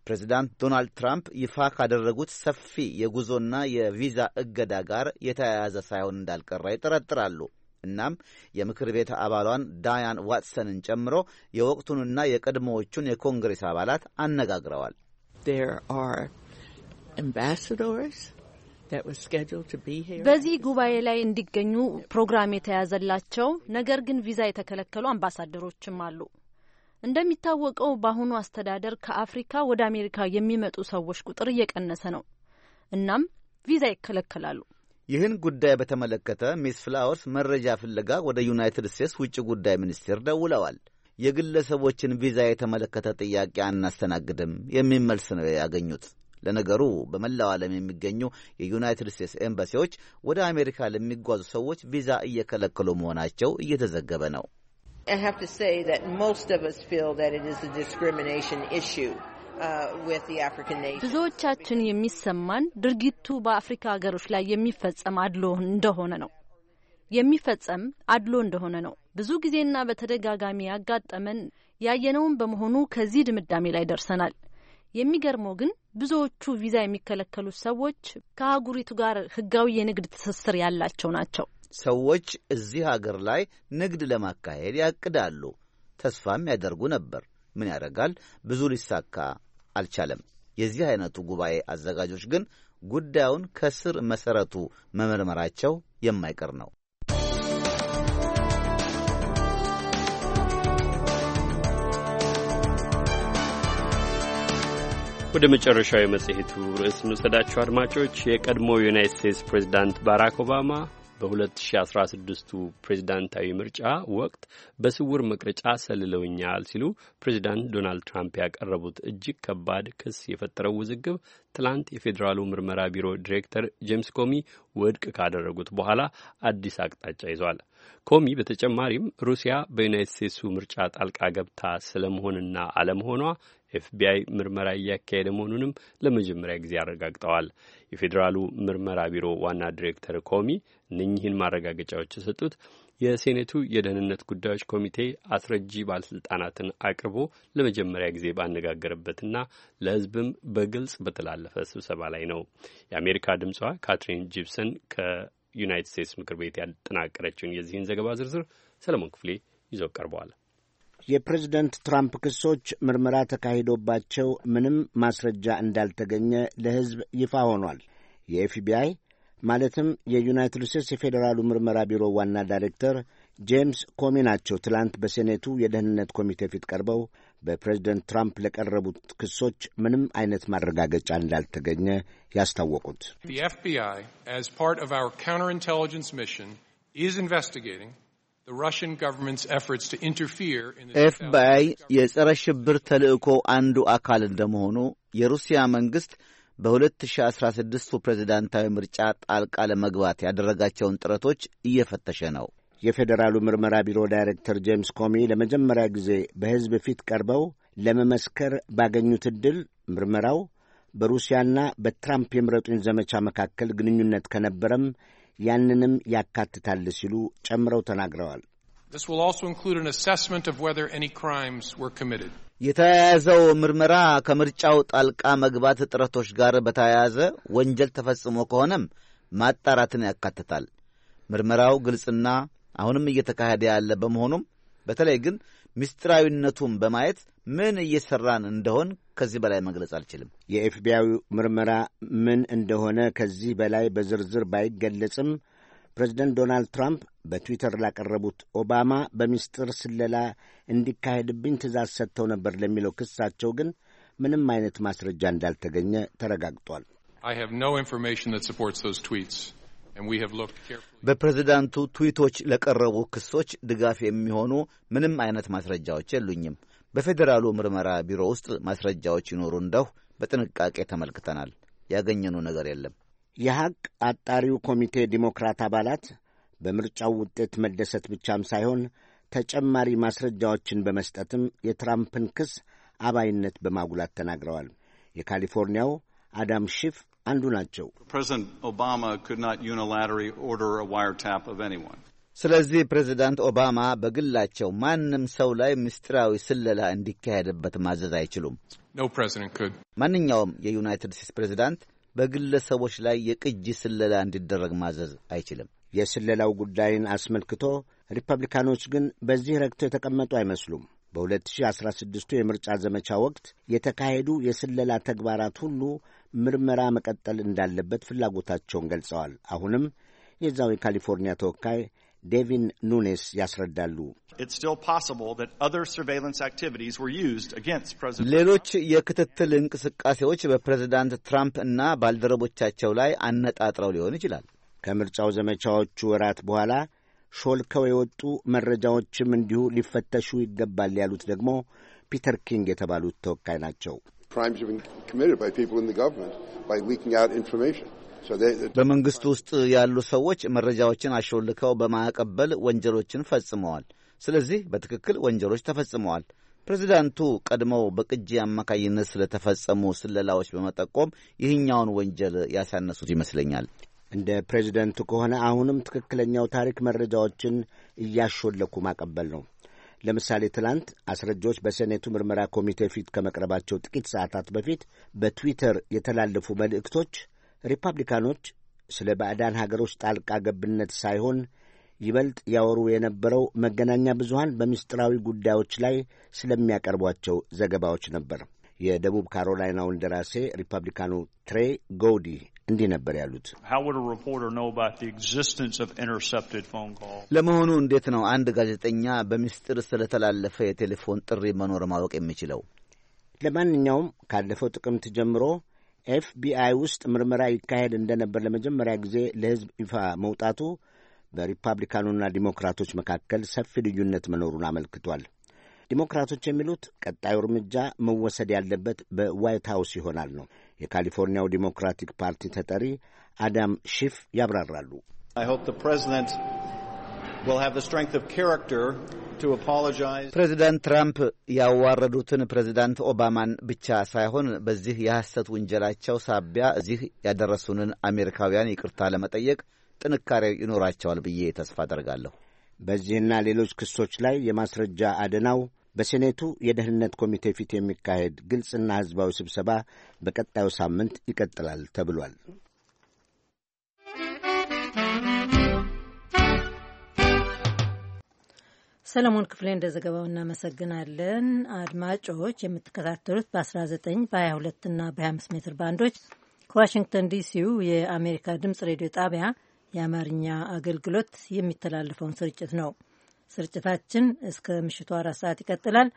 ፕሬዚዳንት ዶናልድ ትራምፕ ይፋ ካደረጉት ሰፊ የጉዞና የቪዛ እገዳ ጋር የተያያዘ ሳይሆን እንዳልቀረ ይጠረጥራሉ። እናም የምክር ቤት አባሏን ዳያን ዋትሰንን ጨምሮ የወቅቱንና የቀድሞዎቹን የኮንግሬስ አባላት አነጋግረዋል። በዚህ ጉባኤ ላይ እንዲገኙ ፕሮግራም የተያዘላቸው ነገር ግን ቪዛ የተከለከሉ አምባሳደሮችም አሉ። እንደሚታወቀው በአሁኑ አስተዳደር ከአፍሪካ ወደ አሜሪካ የሚመጡ ሰዎች ቁጥር እየቀነሰ ነው። እናም ቪዛ ይከለከላሉ። ይህን ጉዳይ በተመለከተ ሚስ ፍላወርስ መረጃ ፍለጋ ወደ ዩናይትድ ስቴትስ ውጭ ጉዳይ ሚኒስቴር ደውለዋል። የግለሰቦችን ቪዛ የተመለከተ ጥያቄ አናስተናግድም የሚል መልስ ነው ያገኙት። ለነገሩ በመላው ዓለም የሚገኙ የዩናይትድ ስቴትስ ኤምባሲዎች ወደ አሜሪካ ለሚጓዙ ሰዎች ቪዛ እየከለከሉ መሆናቸው እየተዘገበ ነው። I have to say that most of us feel that it is a discrimination issue. Uh, ብዙዎቻችን የሚሰማን ድርጊቱ በአፍሪካ ሀገሮች ላይ የሚፈጸም አድሎ እንደሆነ ነው የሚፈጸም አድሎ እንደሆነ ነው። ብዙ ጊዜና በተደጋጋሚ ያጋጠመን ያየነውን በመሆኑ ከዚህ ድምዳሜ ላይ ደርሰናል። የሚገርመው ግን ብዙዎቹ ቪዛ የሚከለከሉት ሰዎች ከአህጉሪቱ ጋር ህጋዊ የንግድ ትስስር ያላቸው ናቸው። ሰዎች እዚህ አገር ላይ ንግድ ለማካሄድ ያቅዳሉ፣ ተስፋም ያደርጉ ነበር። ምን ያደርጋል፣ ብዙ ሊሳካ አልቻለም። የዚህ አይነቱ ጉባኤ አዘጋጆች ግን ጉዳዩን ከስር መሰረቱ መመርመራቸው የማይቀር ነው። ወደ መጨረሻው የመጽሔቱ ርዕስ እንውሰዳቸው አድማጮች። የቀድሞ ዩናይት ስቴትስ ፕሬዚዳንት ባራክ ኦባማ በ2016ቱ ፕሬዚዳንታዊ ምርጫ ወቅት በስውር መቅረጫ ሰልለውኛል ሲሉ ፕሬዚዳንት ዶናልድ ትራምፕ ያቀረቡት እጅግ ከባድ ክስ የፈጠረው ውዝግብ ትላንት የፌዴራሉ ምርመራ ቢሮ ዲሬክተር ጄምስ ኮሚ ውድቅ ካደረጉት በኋላ አዲስ አቅጣጫ ይዟል። ኮሚ በተጨማሪም ሩሲያ በዩናይት ስቴትሱ ምርጫ ጣልቃ ገብታ ስለመሆንና አለመሆኗ ኤፍቢአይ ምርመራ እያካሄደ መሆኑንም ለመጀመሪያ ጊዜ አረጋግጠዋል። የፌዴራሉ ምርመራ ቢሮ ዋና ዲሬክተር ኮሚ እነኚህን ማረጋገጫዎች የሰጡት የሴኔቱ የደህንነት ጉዳዮች ኮሚቴ አስረጂ ባለስልጣናትን አቅርቦ ለመጀመሪያ ጊዜ ባነጋገረበትና ለሕዝብም በግልጽ በተላለፈ ስብሰባ ላይ ነው። የአሜሪካ ድምፅዋ ካትሪን ጂፕሰን ዩናይትድ ስቴትስ ምክር ቤት ያጠናቀረችውን የዚህን ዘገባ ዝርዝር ሰለሞን ክፍሌ ይዘው ቀርበዋል። የፕሬዝደንት ትራምፕ ክሶች ምርመራ ተካሂዶባቸው ምንም ማስረጃ እንዳልተገኘ ለሕዝብ ይፋ ሆኗል። የኤፍቢአይ ማለትም የዩናይትድ ስቴትስ የፌዴራሉ ምርመራ ቢሮ ዋና ዳይሬክተር ጄምስ ኮሚ ናቸው ትላንት በሴኔቱ የደህንነት ኮሚቴ ፊት ቀርበው በፕሬዝደንት ትራምፕ ለቀረቡት ክሶች ምንም አይነት ማረጋገጫ እንዳልተገኘ ያስታወቁት ኤፍቢአይ የጸረ ሽብር ተልእኮ አንዱ አካል እንደመሆኑ የሩሲያ መንግሥት በ2016ቱ ፕሬዝዳንታዊ ምርጫ ጣልቃ ለመግባት ያደረጋቸውን ጥረቶች እየፈተሸ ነው። የፌዴራሉ ምርመራ ቢሮ ዳይሬክተር ጄምስ ኮሚ ለመጀመሪያ ጊዜ በሕዝብ ፊት ቀርበው ለመመስከር ባገኙት ዕድል ምርመራው በሩሲያና በትራምፕ የምረጡኝ ዘመቻ መካከል ግንኙነት ከነበረም ያንንም ያካትታል ሲሉ ጨምረው ተናግረዋል። የተያያዘው ምርመራ ከምርጫው ጣልቃ መግባት ጥረቶች ጋር በተያያዘ ወንጀል ተፈጽሞ ከሆነም ማጣራትን ያካትታል። ምርመራው ግልጽና አሁንም እየተካሄደ ያለ በመሆኑም በተለይ ግን ምስጢራዊነቱን በማየት ምን እየሰራን እንደሆን ከዚህ በላይ መግለጽ አልችልም። የኤፍቢአዊ ምርመራ ምን እንደሆነ ከዚህ በላይ በዝርዝር ባይገለጽም ፕሬዚደንት ዶናልድ ትራምፕ በትዊተር ላቀረቡት ኦባማ በምስጢር ስለላ እንዲካሄድብኝ ትእዛዝ ሰጥተው ነበር ለሚለው ክሳቸው ግን ምንም አይነት ማስረጃ እንዳልተገኘ ተረጋግጧል። በፕሬዝዳንቱ ትዊቶች ለቀረቡ ክሶች ድጋፍ የሚሆኑ ምንም አይነት ማስረጃዎች የሉኝም። በፌዴራሉ ምርመራ ቢሮ ውስጥ ማስረጃዎች ይኖሩ እንደሁ በጥንቃቄ ተመልክተናል። ያገኘነው ነገር የለም። የሐቅ አጣሪው ኮሚቴ ዲሞክራት አባላት በምርጫው ውጤት መደሰት ብቻም ሳይሆን ተጨማሪ ማስረጃዎችን በመስጠትም የትራምፕን ክስ አባይነት በማጉላት ተናግረዋል። የካሊፎርኒያው አዳም ሺፍ አንዱ ናቸው። ስለዚህ ፕሬዚዳንት ኦባማ በግላቸው ማንም ሰው ላይ ምስጢራዊ ስለላ እንዲካሄድበት ማዘዝ አይችሉም። ማንኛውም የዩናይትድ ስቴትስ ፕሬዚዳንት በግለሰቦች ላይ የቅጂ ስለላ እንዲደረግ ማዘዝ አይችልም። የስለላው ጉዳይን አስመልክቶ ሪፐብሊካኖች ግን በዚህ ረግቶ የተቀመጡ አይመስሉም። በ2016ቱ የምርጫ ዘመቻ ወቅት የተካሄዱ የስለላ ተግባራት ሁሉ ምርመራ መቀጠል እንዳለበት ፍላጎታቸውን ገልጸዋል። አሁንም የዛው የካሊፎርኒያ ተወካይ ዴቪን ኑኔስ ያስረዳሉ። ሌሎች የክትትል እንቅስቃሴዎች በፕሬዝዳንት ትራምፕ እና ባልደረቦቻቸው ላይ አነጣጥረው ሊሆን ይችላል። ከምርጫው ዘመቻዎቹ ወራት በኋላ ሾልከው የወጡ መረጃዎችም እንዲሁ ሊፈተሹ ይገባል ያሉት ደግሞ ፒተር ኪንግ የተባሉት ተወካይ ናቸው። በመንግስት ውስጥ ያሉ ሰዎች መረጃዎችን አሾልከው በማቀበል ወንጀሎችን ፈጽመዋል። ስለዚህ በትክክል ወንጀሎች ተፈጽመዋል። ፕሬዚዳንቱ ቀድመው በቅጂ አማካኝነት ስለተፈጸሙ ስለላዎች በመጠቆም ይህኛውን ወንጀል ያሳነሱት ይመስለኛል። እንደ ፕሬዚደንቱ ከሆነ አሁንም ትክክለኛው ታሪክ መረጃዎችን እያሾለኩ ማቀበል ነው። ለምሳሌ ትላንት አስረጆች በሴኔቱ ምርመራ ኮሚቴ ፊት ከመቅረባቸው ጥቂት ሰዓታት በፊት በትዊተር የተላለፉ መልእክቶች ሪፐብሊካኖች ስለ ባዕዳን ሀገሮች ጣልቃ ገብነት ሳይሆን ይበልጥ ያወሩ የነበረው መገናኛ ብዙሃን በምስጢራዊ ጉዳዮች ላይ ስለሚያቀርቧቸው ዘገባዎች ነበር። የደቡብ ካሮላይናውን ደራሴ ሪፐብሊካኑ ትሬ ጎውዲ እንዲህ ነበር ያሉት። ለመሆኑ እንዴት ነው አንድ ጋዜጠኛ በምስጢር ስለተላለፈ የቴሌፎን ጥሪ መኖር ማወቅ የሚችለው? ለማንኛውም ካለፈው ጥቅምት ጀምሮ ኤፍቢአይ ውስጥ ምርመራ ይካሄድ እንደነበር ለመጀመሪያ ጊዜ ለሕዝብ ይፋ መውጣቱ በሪፐብሊካኑና ዲሞክራቶች መካከል ሰፊ ልዩነት መኖሩን አመልክቷል። ዲሞክራቶች የሚሉት ቀጣዩ እርምጃ መወሰድ ያለበት በዋይት ሀውስ ይሆናል ነው። የካሊፎርኒያው ዲሞክራቲክ ፓርቲ ተጠሪ አዳም ሺፍ ያብራራሉ። ፕሬዚዳንት ትራምፕ ያዋረዱትን ፕሬዚዳንት ኦባማን ብቻ ሳይሆን በዚህ የሐሰት ውንጀላቸው ሳቢያ እዚህ ያደረሱንን አሜሪካውያን ይቅርታ ለመጠየቅ ጥንካሬ ይኖራቸዋል ብዬ ተስፋ አደርጋለሁ። በዚህና ሌሎች ክሶች ላይ የማስረጃ አድናው በሴኔቱ የደህንነት ኮሚቴ ፊት የሚካሄድ ግልጽና ሕዝባዊ ስብሰባ በቀጣዩ ሳምንት ይቀጥላል ተብሏል። ሰለሞን ክፍሌ እንደ ዘገባው እናመሰግናለን። አድማጮች የምትከታተሉት በ19 በ22 እና በ25 ሜትር ባንዶች ከዋሽንግተን ዲሲው የአሜሪካ ድምፅ ሬዲዮ ጣቢያ የአማርኛ አገልግሎት የሚተላለፈውን ስርጭት ነው። ስርጭታችን እስከ ምሽቱ አራት ሰዓት ይቀጥላል።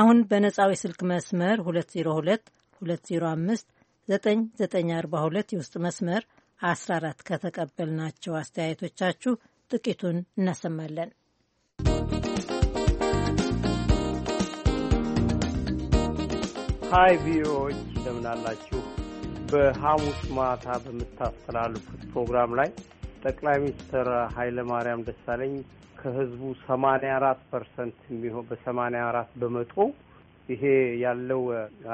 አሁን በነጻው የስልክ መስመር 202 205 9942 የውስጥ መስመር 14 ከተቀበልናቸው አስተያየቶቻችሁ ጥቂቱን እናሰማለን። ሀይ ቪዎች እንደምን አላችሁ? በሐሙስ ማታ በምታስተላልፉት ፕሮግራም ላይ ጠቅላይ ሚኒስትር ማርያም ደሳለኝ ከህዝቡ ሰማኒያ አራት ፐርሰንት የሚሆን በሰማኒያ አራት በመቶ ይሄ ያለው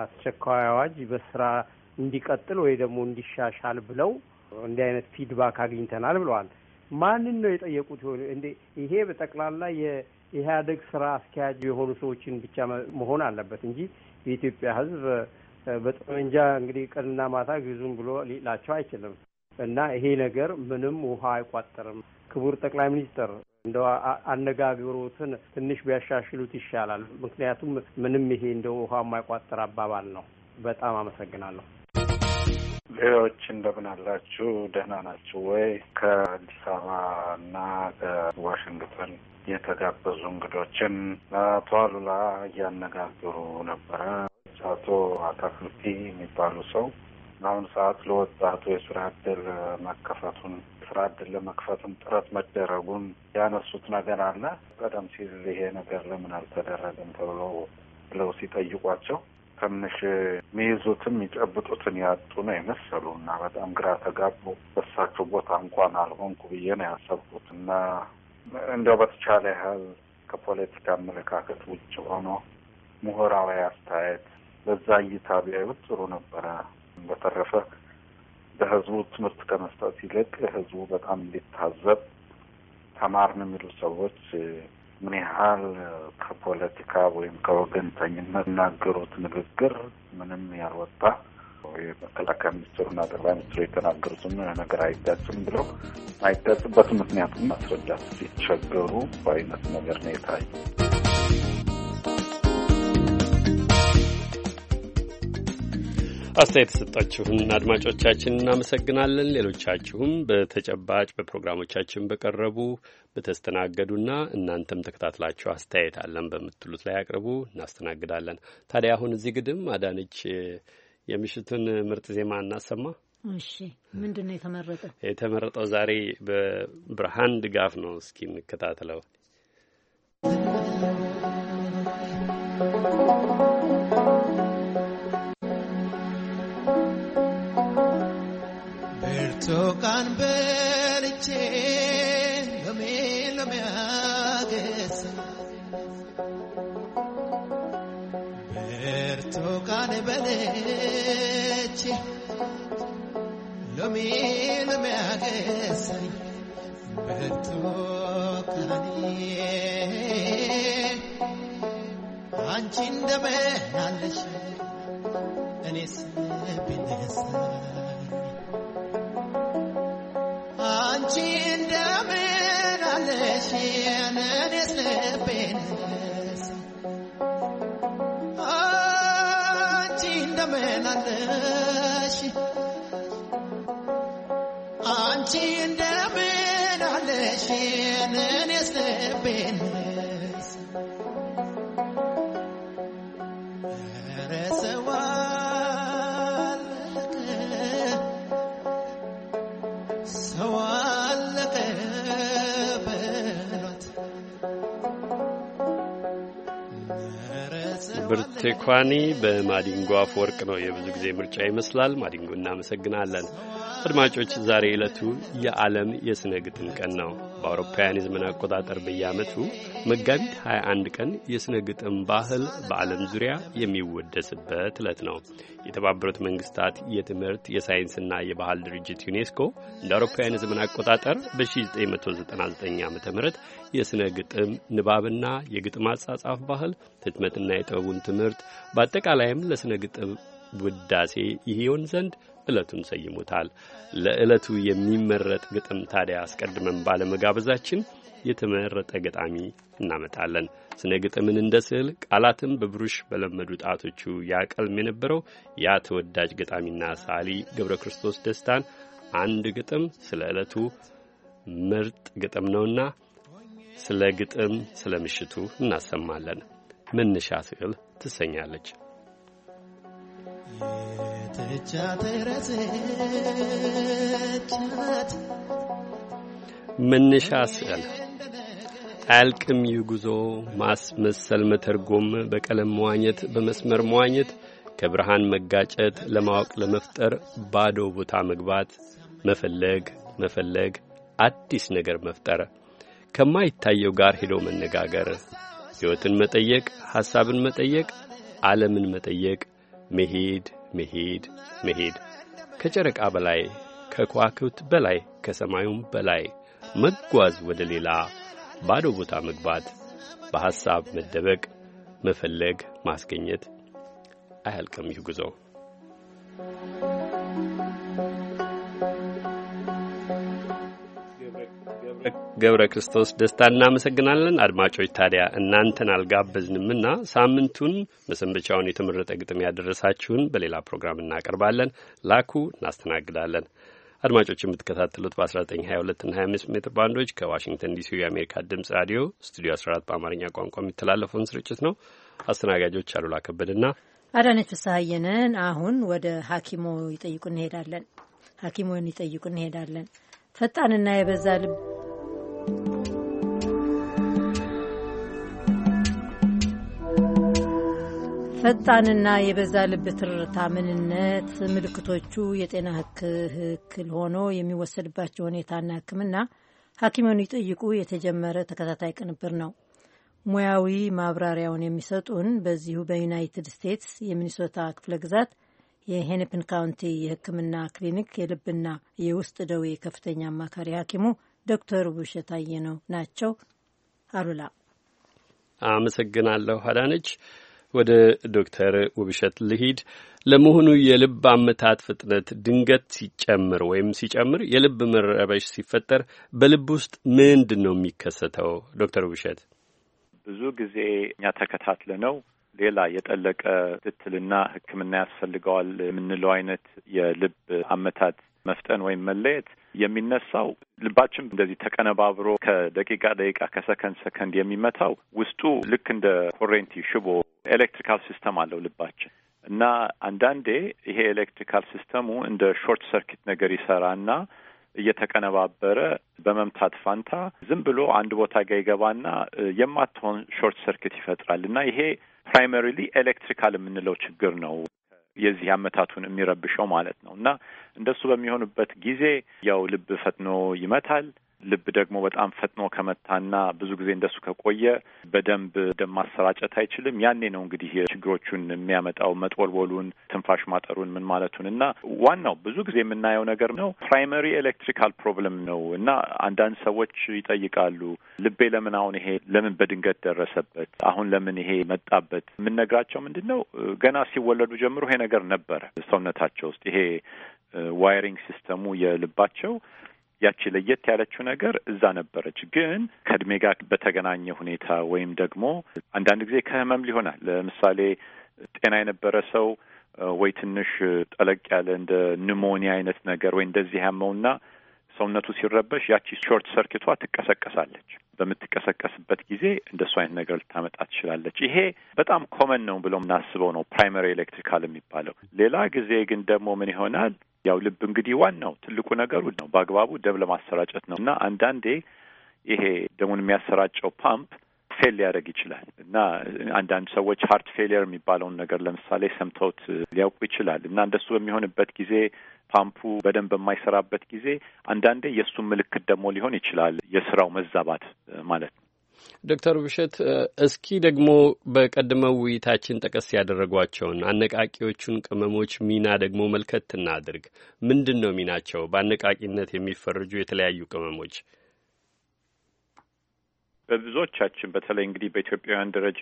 አስቸኳይ አዋጅ በስራ እንዲቀጥል ወይ ደግሞ እንዲሻሻል ብለው እንዲህ አይነት ፊድባክ አግኝተናል ብለዋል። ማንን ነው የጠየቁት ሆ እንዴ? ይሄ በጠቅላላ የኢህአደግ ስራ አስኪያጅ የሆኑ ሰዎችን ብቻ መሆን አለበት እንጂ የኢትዮጵያ ህዝብ በጠመንጃ እንግዲህ ቀንና ማታ ግዙም ብሎ ሊላቸው አይችልም። እና ይሄ ነገር ምንም ውሃ አይቋጠርም። ክቡር ጠቅላይ ሚኒስትር እንደ አነጋገሮትን ትንሽ ቢያሻሽሉት ይሻላል። ምክንያቱም ምንም ይሄ እንደ ውሃ የማይቋጥር አባባል ነው። በጣም አመሰግናለሁ። ሌሎች እንደምን አላችሁ? ደህና ናችሁ ወይ? ከአዲስ አበባ እና ከዋሽንግተን የተጋበዙ እንግዶችን አቶ አሉላ እያነጋገሩ ነበረ። አቶ አታክልቲ የሚባሉ ሰው በአሁኑ ሰዓት ለወጣቱ የስራ እድል መከፈቱን የስራ እድል ለመክፈትም ጥረት መደረጉን ያነሱት ነገር አለ። ቀደም ሲል ይሄ ነገር ለምን አልተደረገም ተብሎ ብለው ሲጠይቋቸው ትንሽ የሚይዙትም የሚጨብጡትን ያጡ ነው የመሰሉ እና በጣም ግራ ተጋቡ። በሳቸው ቦታ እንኳን አልሆንኩ ብዬ ነው ያሰብኩት እና እንደው በተቻለ ያህል ከፖለቲካ አመለካከት ውጭ ሆኖ ምሁራዊ አስተያየት በዛ እይታ ቢያዩት ጥሩ ነበረ። በተረፈ ለህዝቡ ትምህርት ከመስጠት ይልቅ ህዝቡ በጣም እንዲታዘብ ተማርን የሚሉ ሰዎች ምን ያህል ከፖለቲካ ወይም ከወገንተኝነት የሚናገሩት ንግግር ምንም ያልወጣ የመከላከያ ሚኒስትሩና ጠቅላይ ሚኒስትሩ የተናገሩትን ነገር አይጋጭም ብለው አይጋጭበትም ምክንያቱም ማስረዳት ሲቸገሩ በአይነት ነገር ነው የታየ። አስተያየት የሰጣችሁን አድማጮቻችን እናመሰግናለን። ሌሎቻችሁም በተጨባጭ በፕሮግራሞቻችን በቀረቡ በተስተናገዱና እናንተም ተከታትላችሁ አስተያየት አለን በምትሉት ላይ አቅርቡ፣ እናስተናግዳለን። ታዲያ አሁን እዚህ ግድም አዳነች የምሽቱን ምርጥ ዜማ እናሰማ። እሺ፣ ምንድን ነው የተመረጠው? የተመረጠው ዛሬ በብርሃን ድጋፍ ነው። እስኪ እንከታተለው። Che lame lame ages, berto kane bade che lame lame ages, berto kane anchin dame nalish, anis bin. 的心安静。ብርቴኳኒ በማዲንጎ አፈወርቅ ነው የብዙ ጊዜ ምርጫ ይመስላል። ማዲንጎ እናመሰግናለን። አድማጮች ዛሬ ዕለቱ የዓለም የሥነ ግጥም ቀን ነው። በአውሮፓውያን የዘመን አቆጣጠር በየዓመቱ መጋቢት 21 ቀን የሥነ ግጥም ባህል በዓለም ዙሪያ የሚወደስበት ዕለት ነው። የተባበሩት መንግስታት የትምህርት የሳይንስና የባህል ድርጅት ዩኔስኮ እንደ አውሮፓውያን የዘመን አቆጣጠር በ1999 ዓ ም የሥነ ግጥም ንባብና የግጥም አጻጻፍ ባህል ህትመትና የጥበቡን ትምህርት በአጠቃላይም ለሥነ ግጥም ውዳሴ ይሆን ዘንድ ዕለቱን ሰይሞታል። ለዕለቱ የሚመረጥ ግጥም ታዲያ አስቀድመን ባለመጋበዛችን የተመረጠ ገጣሚ እናመጣለን። ስነ ግጥምን እንደ ስዕል ቃላትን በብሩሽ በለመዱ ጣቶቹ ያቀልም የነበረው ያ ተወዳጅ ገጣሚና ሳሊ ገብረ ክርስቶስ ደስታን አንድ ግጥም ስለ ዕለቱ ምርጥ ግጥም ነውና ስለ ግጥም ስለ ምሽቱ እናሰማለን። መነሻ ስዕል ትሰኛለች። መነሻ ስዕል አያልቅም ይህ ጉዞ ማስመሰል፣ መተርጎም፣ በቀለም መዋኘት፣ በመስመር መዋኘት፣ ከብርሃን መጋጨት፣ ለማወቅ ለመፍጠር ባዶ ቦታ መግባት፣ መፈለግ መፈለግ፣ አዲስ ነገር መፍጠር፣ ከማይታየው ጋር ሄዶ መነጋገር፣ ሕይወትን መጠየቅ፣ ሐሳብን መጠየቅ፣ ዓለምን መጠየቅ፣ መሄድ መሄድ መሄድ ከጨረቃ በላይ ከከዋክብት በላይ ከሰማዩም በላይ መጓዝ፣ ወደ ሌላ ባዶ ቦታ መግባት፣ በሐሳብ መደበቅ፣ መፈለግ፣ ማስገኘት አያልቅም ይህ ጉዞ። ገብረ ክርስቶስ ደስታ እናመሰግናለን። አድማጮች ታዲያ እናንተን አልጋበዝንምና ሳምንቱን መሰንበቻውን የተመረጠ ግጥም ያደረሳችሁን በሌላ ፕሮግራም እናቀርባለን። ላኩ፣ እናስተናግዳለን። አድማጮች የምትከታተሉት በ1922 እና 25 ሜትር ባንዶች ከዋሽንግተን ዲሲ የአሜሪካ ድምፅ ራዲዮ ስቱዲዮ 14 በአማርኛ ቋንቋ የሚተላለፈውን ስርጭት ነው። አስተናጋጆች አሉላ ከበድና አዳነች ፍስሐየንን። አሁን ወደ ሐኪሞ ይጠይቁ እንሄዳለን። ሐኪሞን ይጠይቁ እንሄዳለን። ፈጣንና የበዛ ልብ ፈጣንና የበዛ ልብ ትርታ ምንነት፣ ምልክቶቹ፣ የጤና ህክል ሆኖ የሚወሰድባቸው ሁኔታና ሕክምና ሐኪሙን ይጠይቁ የተጀመረ ተከታታይ ቅንብር ነው። ሙያዊ ማብራሪያውን የሚሰጡን በዚሁ በዩናይትድ ስቴትስ የሚኒሶታ ክፍለ ግዛት የሄንፕን ካውንቲ የህክምና ክሊኒክ የልብና የውስጥ ደዌ ከፍተኛ አማካሪ ሐኪሙ ዶክተር ውብሸ ነው ናቸው። አሉላ አመሰግናለሁ። አዳነች ወደ ዶክተር ውብሸት ልሂድ። ለመሆኑ የልብ አመታት ፍጥነት ድንገት ሲጨምር ወይም ሲጨምር የልብ መረበሽ ሲፈጠር በልብ ውስጥ ምንድን ነው የሚከሰተው? ዶክተር ውብሸት ብዙ ጊዜ እኛ ተከታትለ ነው ሌላ የጠለቀ ክትትልና ሕክምና ያስፈልገዋል የምንለው አይነት የልብ አመታት መፍጠን ወይም መለየት የሚነሳው ልባችን እንደዚህ ተቀነባብሮ ከደቂቃ ደቂቃ ከሰከንድ ሰከንድ የሚመታው ውስጡ ልክ እንደ ኮሬንቲ ሽቦ ኤሌክትሪካል ሲስተም አለው ልባችን እና አንዳንዴ ይሄ ኤሌክትሪካል ሲስተሙ እንደ ሾርት ሰርኪት ነገር ይሰራና እየተቀነባበረ በመምታት ፋንታ ዝም ብሎ አንድ ቦታ ጋ ይገባና የማትሆን ሾርት ሰርኪት ይፈጥራል እና ይሄ ፕራይማሪሊ ኤሌክትሪካል የምንለው ችግር ነው። የዚህ አመታቱን የሚረብሸው ማለት ነው። እና እንደሱ በሚሆንበት ጊዜ ያው ልብ ፈጥኖ ይመታል። ልብ ደግሞ በጣም ፈጥኖ ከመታና ብዙ ጊዜ እንደሱ ከቆየ በደንብ ደም ማሰራጨት አይችልም። ያኔ ነው እንግዲህ ችግሮቹን የሚያመጣው መጥወልወሉን፣ ትንፋሽ ማጠሩን፣ ምን ማለቱን እና ዋናው ብዙ ጊዜ የምናየው ነገር ነው ፕራይመሪ ኤሌክትሪካል ፕሮብለም ነው እና አንዳንድ ሰዎች ይጠይቃሉ ልቤ ለምን አሁን ይሄ ለምን በድንገት ደረሰበት አሁን ለምን ይሄ መጣበት የምንነግራቸው ምንድን ነው ገና ሲወለዱ ጀምሮ ይሄ ነገር ነበረ ሰውነታቸው ውስጥ ይሄ ዋይሪንግ ሲስተሙ የልባቸው ያቺ ለየት ያለችው ነገር እዛ ነበረች። ግን ከእድሜ ጋር በተገናኘ ሁኔታ ወይም ደግሞ አንዳንድ ጊዜ ከህመም ሊሆናል። ለምሳሌ ጤና የነበረ ሰው ወይ ትንሽ ጠለቅ ያለ እንደ ኒሞኒያ አይነት ነገር ወይ እንደዚህ ያመውና ሰውነቱ ሲረበሽ ያቺ ሾርት ሰርኪቷ ትቀሰቀሳለች። በምትቀሰቀስበት ጊዜ እንደሱ አይነት ነገር ልታመጣ ትችላለች። ይሄ በጣም ኮመን ነው ብሎ የምናስበው ነው ፕራይመሪ ኤሌክትሪካል የሚባለው። ሌላ ጊዜ ግን ደግሞ ምን ይሆናል ያው ልብ እንግዲህ ዋናው ትልቁ ነገሩ ነው በአግባቡ ደም ለማሰራጨት ነው እና አንዳንዴ ይሄ ደሙን የሚያሰራጨው ፓምፕ ፌል ሊያደርግ ይችላል እና አንዳንድ ሰዎች ሀርት ፌሊየር የሚባለውን ነገር ለምሳሌ ሰምተውት ሊያውቁ ይችላል እና እንደሱ በሚሆንበት ጊዜ ፓምፑ በደንብ በማይሰራበት ጊዜ አንዳንዴ የእሱን ምልክት ደግሞ ሊሆን ይችላል የስራው መዛባት ማለት ነው። ዶክተር ብሸት እስኪ ደግሞ በቀድመው ውይይታችን ጠቀስ ያደረጓቸውን አነቃቂዎቹን ቅመሞች ሚና ደግሞ መልከት እናድርግ። ምንድን ነው ሚናቸው? በአነቃቂነት የሚፈርጁ የተለያዩ ቅመሞች በብዙዎቻችን በተለይ እንግዲህ በኢትዮጵያውያን ደረጃ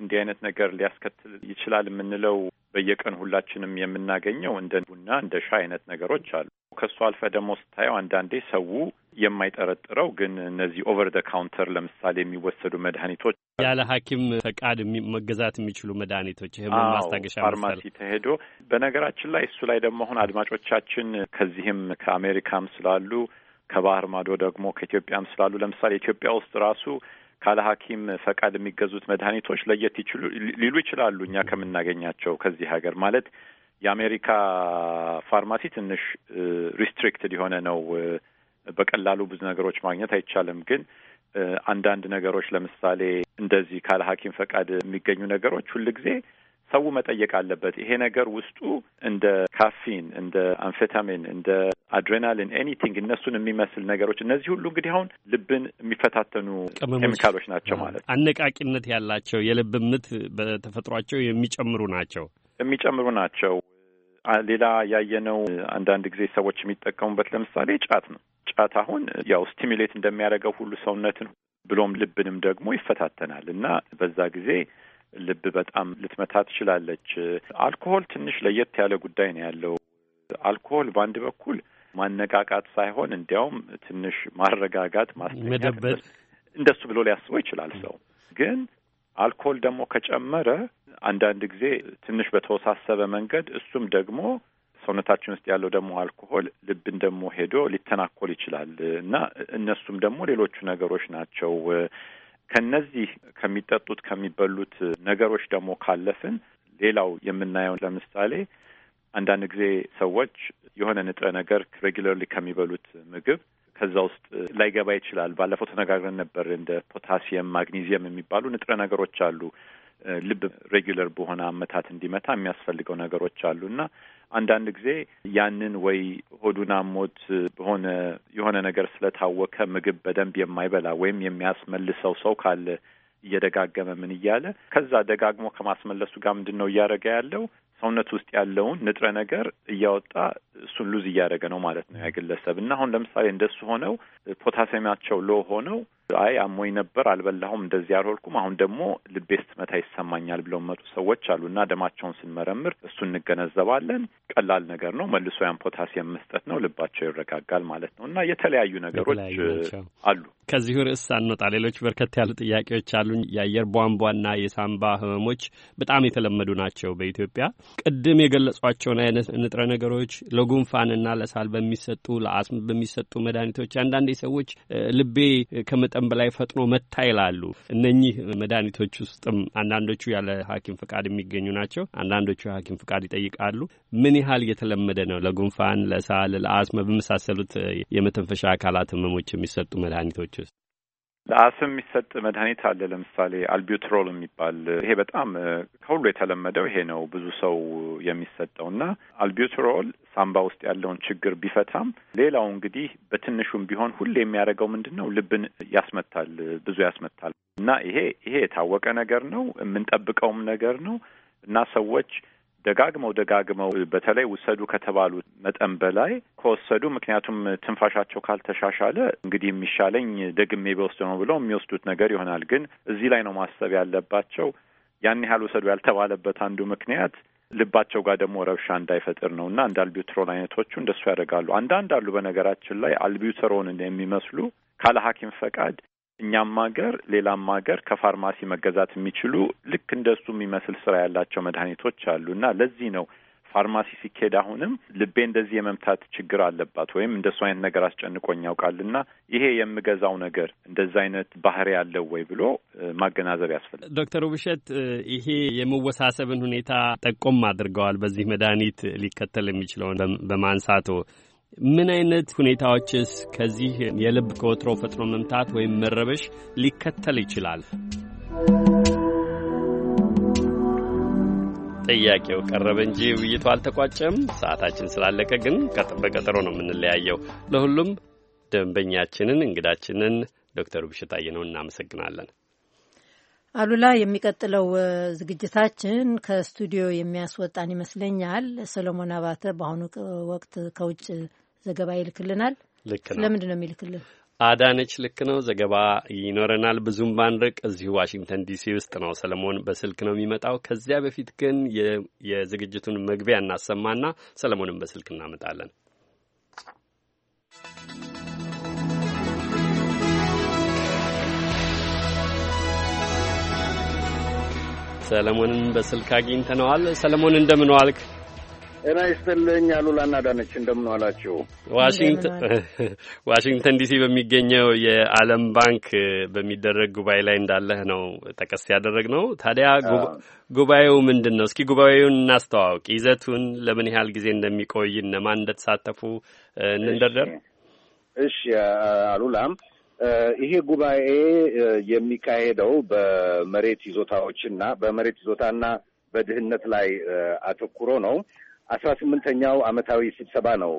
እንዲህ አይነት ነገር ሊያስከትል ይችላል የምንለው በየቀን ሁላችንም የምናገኘው እንደ ቡና እንደ ሻይ አይነት ነገሮች አሉ። ከሱ አልፈ ደግሞ ስታየው አንዳንዴ ሰው የማይጠረጥረው ግን እነዚህ ኦቨር ደ ካውንተር ለምሳሌ የሚወሰዱ መድኃኒቶች ያለ ሐኪም ፈቃድ መገዛት የሚችሉ መድኃኒቶች ህመም ማስታገሻ ፋርማሲ ተሄዶ በነገራችን ላይ እሱ ላይ ደግሞ አሁን አድማጮቻችን ከዚህም ከአሜሪካም ስላሉ ከባህር ማዶ ደግሞ ከኢትዮጵያም ስላሉ ለምሳሌ ኢትዮጵያ ውስጥ ራሱ ካለ ሐኪም ፈቃድ የሚገዙት መድኃኒቶች ለየት ይችሉ ሊሉ ይችላሉ። እኛ ከምናገኛቸው ከዚህ ሀገር ማለት የአሜሪካ ፋርማሲ ትንሽ ሪስትሪክትድ የሆነ ነው። በቀላሉ ብዙ ነገሮች ማግኘት አይቻልም። ግን አንዳንድ ነገሮች ለምሳሌ እንደዚህ ካለ ሐኪም ፈቃድ የሚገኙ ነገሮች ሁልጊዜ ሰው መጠየቅ አለበት። ይሄ ነገር ውስጡ እንደ ካፊን፣ እንደ አምፌታሚን፣ እንደ አድሬናሊን ኤኒቲንግ እነሱን የሚመስል ነገሮች እነዚህ ሁሉ እንግዲህ አሁን ልብን የሚፈታተኑ ኬሚካሎች ናቸው ማለት አነቃቂነት ያላቸው የልብ ምት በተፈጥሯቸው የሚጨምሩ ናቸው የሚጨምሩ ናቸው። ሌላ ያየነው አንዳንድ ጊዜ ሰዎች የሚጠቀሙበት ለምሳሌ ጫት ነው። ጫት አሁን ያው ስቲሚሌት እንደሚያደርገው ሁሉ ሰውነትን ብሎም ልብንም ደግሞ ይፈታተናል እና በዛ ጊዜ ልብ በጣም ልትመታ ትችላለች። አልኮሆል ትንሽ ለየት ያለ ጉዳይ ነው ያለው። አልኮሆል በአንድ በኩል ማነቃቃት ሳይሆን እንዲያውም ትንሽ ማረጋጋት፣ ማስተኛት እንደሱ ብሎ ሊያስበው ይችላል ሰው ግን አልኮል ደግሞ ከጨመረ አንዳንድ ጊዜ ትንሽ በተወሳሰበ መንገድ እሱም ደግሞ ሰውነታችን ውስጥ ያለው ደግሞ አልኮሆል ልብን ደግሞ ሄዶ ሊተናኮል ይችላል እና እነሱም ደግሞ ሌሎቹ ነገሮች ናቸው። ከነዚህ ከሚጠጡት ከሚበሉት ነገሮች ደግሞ ካለፍን ሌላው የምናየው ለምሳሌ አንዳንድ ጊዜ ሰዎች የሆነ ንጥረ ነገር ሬጊለርሊ ከሚበሉት ምግብ ከዛ ውስጥ ላይገባ ይችላል። ባለፈው ተነጋግረን ነበር። እንደ ፖታሲየም፣ ማግኒዚየም የሚባሉ ንጥረ ነገሮች አሉ ልብ ሬጊለር በሆነ አመታት እንዲመታ የሚያስፈልገው ነገሮች አሉ እና አንዳንድ ጊዜ ያንን ወይ ሆዱን አሞት በሆነ የሆነ ነገር ስለታወከ ምግብ በደንብ የማይበላ ወይም የሚያስመልሰው ሰው ካለ እየደጋገመ ምን እያለ ከዛ ደጋግሞ ከማስመለሱ ጋር ምንድን ነው እያደረገ ያለው ሰውነት ውስጥ ያለውን ንጥረ ነገር እያወጣ እሱን ሉዝ እያደረገ ነው ማለት ነው ያ ግለሰብ እና አሁን ለምሳሌ እንደሱ ሆነው ፖታሲየማቸው ሎ ሆነው አይ አሞኝ ነበር አልበላሁም፣ እንደዚህ አልሆልኩም፣ አሁን ደግሞ ልቤ ስትመታ ይሰማኛል ብለው መጡ ሰዎች አሉ እና ደማቸውን ስንመረምር እሱ እንገነዘባለን። ቀላል ነገር ነው። መልሶ ያን ፖታሲየም መስጠት ነው። ልባቸው ይረጋጋል ማለት ነው እና የተለያዩ ነገሮች አሉ። ከዚሁ ርዕስ አንወጣ፣ ሌሎች በርከት ያሉ ጥያቄዎች አሉኝ። የአየር ቧንቧና የሳምባ ህመሞች በጣም የተለመዱ ናቸው በኢትዮጵያ። ቅድም የገለጿቸውን አይነት ንጥረ ነገሮች ለጉንፋንና ለሳል በሚሰጡ ለአስም በሚሰጡ መድኃኒቶች አንዳንዴ ሰዎች ልቤ ከመጠን በላይ ፈጥኖ መታ ይላሉ። እነኚህ መድኃኒቶች ውስጥም አንዳንዶቹ ያለ ሐኪም ፍቃድ የሚገኙ ናቸው። አንዳንዶቹ የሐኪም ፍቃድ ይጠይቃሉ። ምን ያህል የተለመደ ነው? ለጉንፋን፣ ለሳል፣ ለአስመ በመሳሰሉት የመተንፈሻ አካላት ህመሞች የሚሰጡ መድኃኒቶች ውስጥ ለአስም የሚሰጥ መድኃኒት አለ። ለምሳሌ አልቢትሮል የሚባል ይሄ በጣም ከሁሉ የተለመደው ይሄ ነው፣ ብዙ ሰው የሚሰጠው እና አልቢትሮል ሳምባ ውስጥ ያለውን ችግር ቢፈታም፣ ሌላው እንግዲህ በትንሹም ቢሆን ሁሌ የሚያደርገው ምንድን ነው? ልብን ያስመታል፣ ብዙ ያስመታል። እና ይሄ ይሄ የታወቀ ነገር ነው፣ የምንጠብቀውም ነገር ነው እና ሰዎች ደጋግመው ደጋግመው በተለይ ውሰዱ ከተባሉ መጠን በላይ ከወሰዱ ምክንያቱም ትንፋሻቸው ካልተሻሻለ እንግዲህ የሚሻለኝ ደግሜ ቢወስድ ነው ብለው የሚወስዱት ነገር ይሆናል። ግን እዚህ ላይ ነው ማሰብ ያለባቸው። ያን ያህል ውሰዱ ያልተባለበት አንዱ ምክንያት ልባቸው ጋር ደግሞ ረብሻ እንዳይፈጥር ነው እና እንደ አልቢውትሮን አይነቶቹ እንደሱ ያደርጋሉ። አንዳንድ አሉ በነገራችን ላይ አልቢውትሮን የሚመስሉ ካለ ሐኪም ፈቃድ እኛም ሀገር ሌላም ሀገር ከፋርማሲ መገዛት የሚችሉ ልክ እንደሱ የሚመስል ስራ ያላቸው መድኃኒቶች አሉ እና ለዚህ ነው ፋርማሲ ሲኬድ አሁንም ልቤ እንደዚህ የመምታት ችግር አለባት ወይም እንደሱ አይነት ነገር አስጨንቆኝ ያውቃልና ይሄ የምገዛው ነገር እንደዛ አይነት ባህሪ ያለው ወይ ብሎ ማገናዘብ ያስፈልጋል። ዶክተር ውብሸት ይሄ የመወሳሰብን ሁኔታ ጠቆም አድርገዋል። በዚህ መድኃኒት ሊከተል የሚችለውን በማንሳቶ ምን አይነት ሁኔታዎችስ ከዚህ የልብ ከወትሮ ፈጥኖ መምታት ወይም መረበሽ ሊከተል ይችላል? ጥያቄው ቀረበ እንጂ ውይይቱ አልተቋጨም። ሰዓታችን ስላለቀ ግን በቀጠሮ ነው የምንለያየው። ለሁሉም ደንበኛችንን እንግዳችንን ዶክተር ብሽታዬ ነው እናመሰግናለን። አሉላ፣ የሚቀጥለው ዝግጅታችን ከስቱዲዮ የሚያስወጣን ይመስለኛል። ሰሎሞን አባተ በአሁኑ ወቅት ከውጭ ዘገባ ይልክልናል። ልክ ነው። ለምንድን ነው የሚልክልን? አዳነች ልክ ነው። ዘገባ ይኖረናል። ብዙም ባንርቅ እዚሁ ዋሽንግተን ዲሲ ውስጥ ነው ሰለሞን፣ በስልክ ነው የሚመጣው። ከዚያ በፊት ግን የዝግጅቱን መግቢያ እናሰማና ሰለሞንን በስልክ እናመጣለን። ሰለሞንን በስልክ አግኝተነዋል። ሰለሞን እንደምን ዋልክ? ጤና ይስጥልኝ አሉላና ዳነች እንደምን [LAUGHS] ዋሽንግተን ዲሲ በሚገኘው የዓለም ባንክ በሚደረግ ጉባኤ ላይ እንዳለህ ነው ጠቀስ ያደረግ ነው። ታዲያ ጉባኤው ምንድን ነው? እስኪ ጉባኤውን እናስተዋውቅ፣ ይዘቱን፣ ለምን ያህል ጊዜ እንደሚቆይ፣ እነማን እንደተሳተፉ እንንደርደር። እሺ አሉላም ይሄ ጉባኤ የሚካሄደው በመሬት ይዞታዎችና በመሬት ይዞታና በድህነት ላይ አተኩሮ ነው። አስራ ስምንተኛው አመታዊ ስብሰባ ነው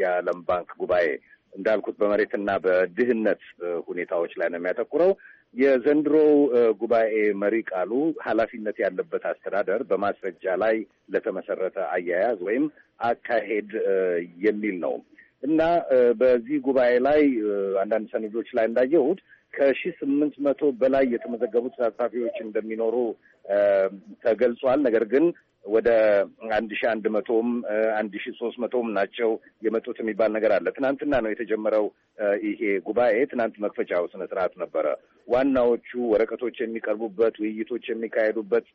የዓለም ባንክ ጉባኤ እንዳልኩት በመሬትና በድህነት ሁኔታዎች ላይ ነው የሚያተኩረው። የዘንድሮው ጉባኤ መሪ ቃሉ ኃላፊነት ያለበት አስተዳደር በማስረጃ ላይ ለተመሰረተ አያያዝ ወይም አካሄድ የሚል ነው እና በዚህ ጉባኤ ላይ አንዳንድ ሰነዶች ላይ እንዳየሁት ከሺ ስምንት መቶ በላይ የተመዘገቡ ተሳታፊዎች እንደሚኖሩ ተገልጿል። ነገር ግን ወደ አንድ ሺ አንድ መቶም አንድ ሺ ሶስት መቶም ናቸው የመጡት የሚባል ነገር አለ። ትናንትና ነው የተጀመረው ይሄ ጉባኤ። ትናንት መክፈቻው ስነ ስርዓት ነበረ። ዋናዎቹ ወረቀቶች የሚቀርቡበት ውይይቶች የሚካሄዱበት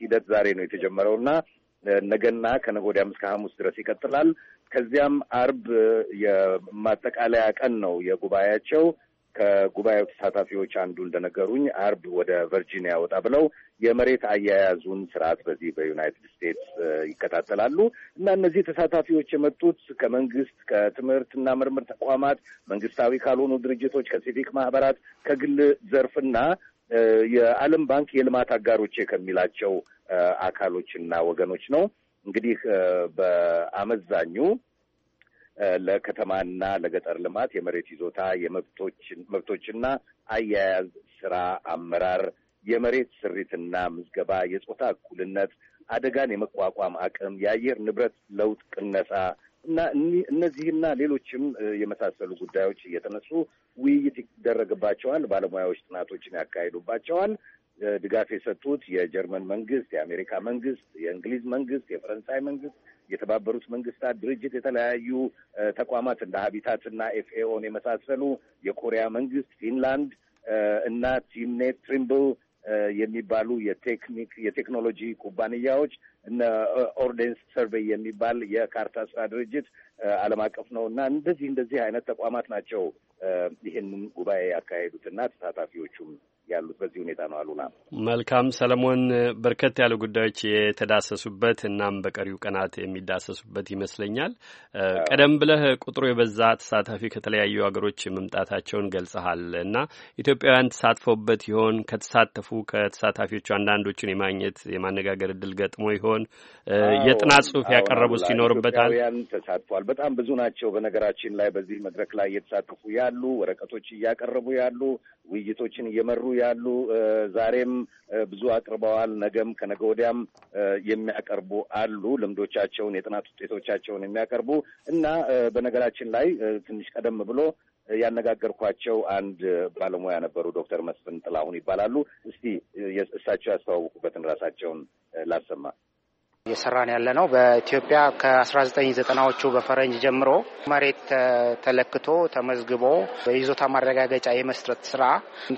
ሂደት ዛሬ ነው የተጀመረው እና ነገና ከነገ ወዲያም እስከ ሐሙስ ድረስ ይቀጥላል። ከዚያም አርብ የማጠቃለያ ቀን ነው የጉባኤያቸው። ከጉባኤው ተሳታፊዎች አንዱ እንደነገሩኝ አርብ ወደ ቨርጂኒያ ወጣ ብለው የመሬት አያያዙን ስርዓት በዚህ በዩናይትድ ስቴትስ ይከታተላሉ እና እነዚህ ተሳታፊዎች የመጡት ከመንግስት ከትምህርትና ምርምር ተቋማት፣ መንግስታዊ ካልሆኑ ድርጅቶች፣ ከሲቪክ ማህበራት፣ ከግል ዘርፍና የዓለም ባንክ የልማት አጋሮቼ ከሚላቸው አካሎችና ወገኖች ነው። እንግዲህ በአመዛኙ ለከተማና ለገጠር ልማት የመሬት ይዞታ መብቶችና አያያዝ ስራ አመራር፣ የመሬት ስሪትና ምዝገባ፣ የጾታ እኩልነት፣ አደጋን የመቋቋም አቅም፣ የአየር ንብረት ለውጥ ቅነሳ እና እነዚህና ሌሎችም የመሳሰሉ ጉዳዮች እየተነሱ ውይይት ይደረግባቸዋል። ባለሙያዎች ጥናቶችን ያካሂዱባቸዋል። ድጋፍ የሰጡት የጀርመን መንግስት፣ የአሜሪካ መንግስት፣ የእንግሊዝ መንግስት፣ የፈረንሳይ መንግስት የተባበሩት መንግስታት ድርጅት የተለያዩ ተቋማት እንደ ሀቢታት እና ኤፍኤኦን የመሳሰሉ የኮሪያ መንግስት፣ ፊንላንድ እና ቲምኔት ትሪምብል የሚባሉ የቴክኒክ የቴክኖሎጂ ኩባንያዎች እነ ኦርዴንስ ሰርቬይ የሚባል የካርታ ስራ ድርጅት ዓለም አቀፍ ነው እና እንደዚህ እንደዚህ አይነት ተቋማት ናቸው ይህንን ጉባኤ ያካሄዱት እና ተሳታፊዎቹም ያሉት በዚህ ሁኔታ ነው። አሉና መልካም ሰለሞን፣ በርከት ያሉ ጉዳዮች የተዳሰሱበት እናም በቀሪው ቀናት የሚዳሰሱበት ይመስለኛል። ቀደም ብለህ ቁጥሩ የበዛ ተሳታፊ ከተለያዩ ሀገሮች መምጣታቸውን ገልጸሃል እና ኢትዮጵያውያን ተሳትፎበት ይሆን? ከተሳተፉ ከተሳታፊዎቹ አንዳንዶቹን የማግኘት የማነጋገር እድል ገጥሞ ይሆን? የጥናት ጽሁፍ ያቀረቡ ይኖርበታል? ተሳትፏል። በጣም ብዙ ናቸው። በነገራችን ላይ በዚህ መድረክ ላይ እየተሳተፉ ያሉ ወረቀቶች እያቀረቡ ያሉ ውይይቶችን እየመሩ ያሉ ዛሬም ብዙ አቅርበዋል። ነገም ከነገ ወዲያም የሚያቀርቡ አሉ፣ ልምዶቻቸውን የጥናት ውጤቶቻቸውን የሚያቀርቡ እና በነገራችን ላይ ትንሽ ቀደም ብሎ ያነጋገርኳቸው አንድ ባለሙያ ነበሩ። ዶክተር መስፍን ጥላሁን ይባላሉ። እስቲ እሳቸው ያስተዋውቁበትን ራሳቸውን ላሰማ። እየሰራን ያለ ነው። በኢትዮጵያ ከ1990ዎቹ በፈረንጅ ጀምሮ መሬት ተለክቶ ተመዝግቦ በይዞታ ማረጋገጫ የመስጠት ስራ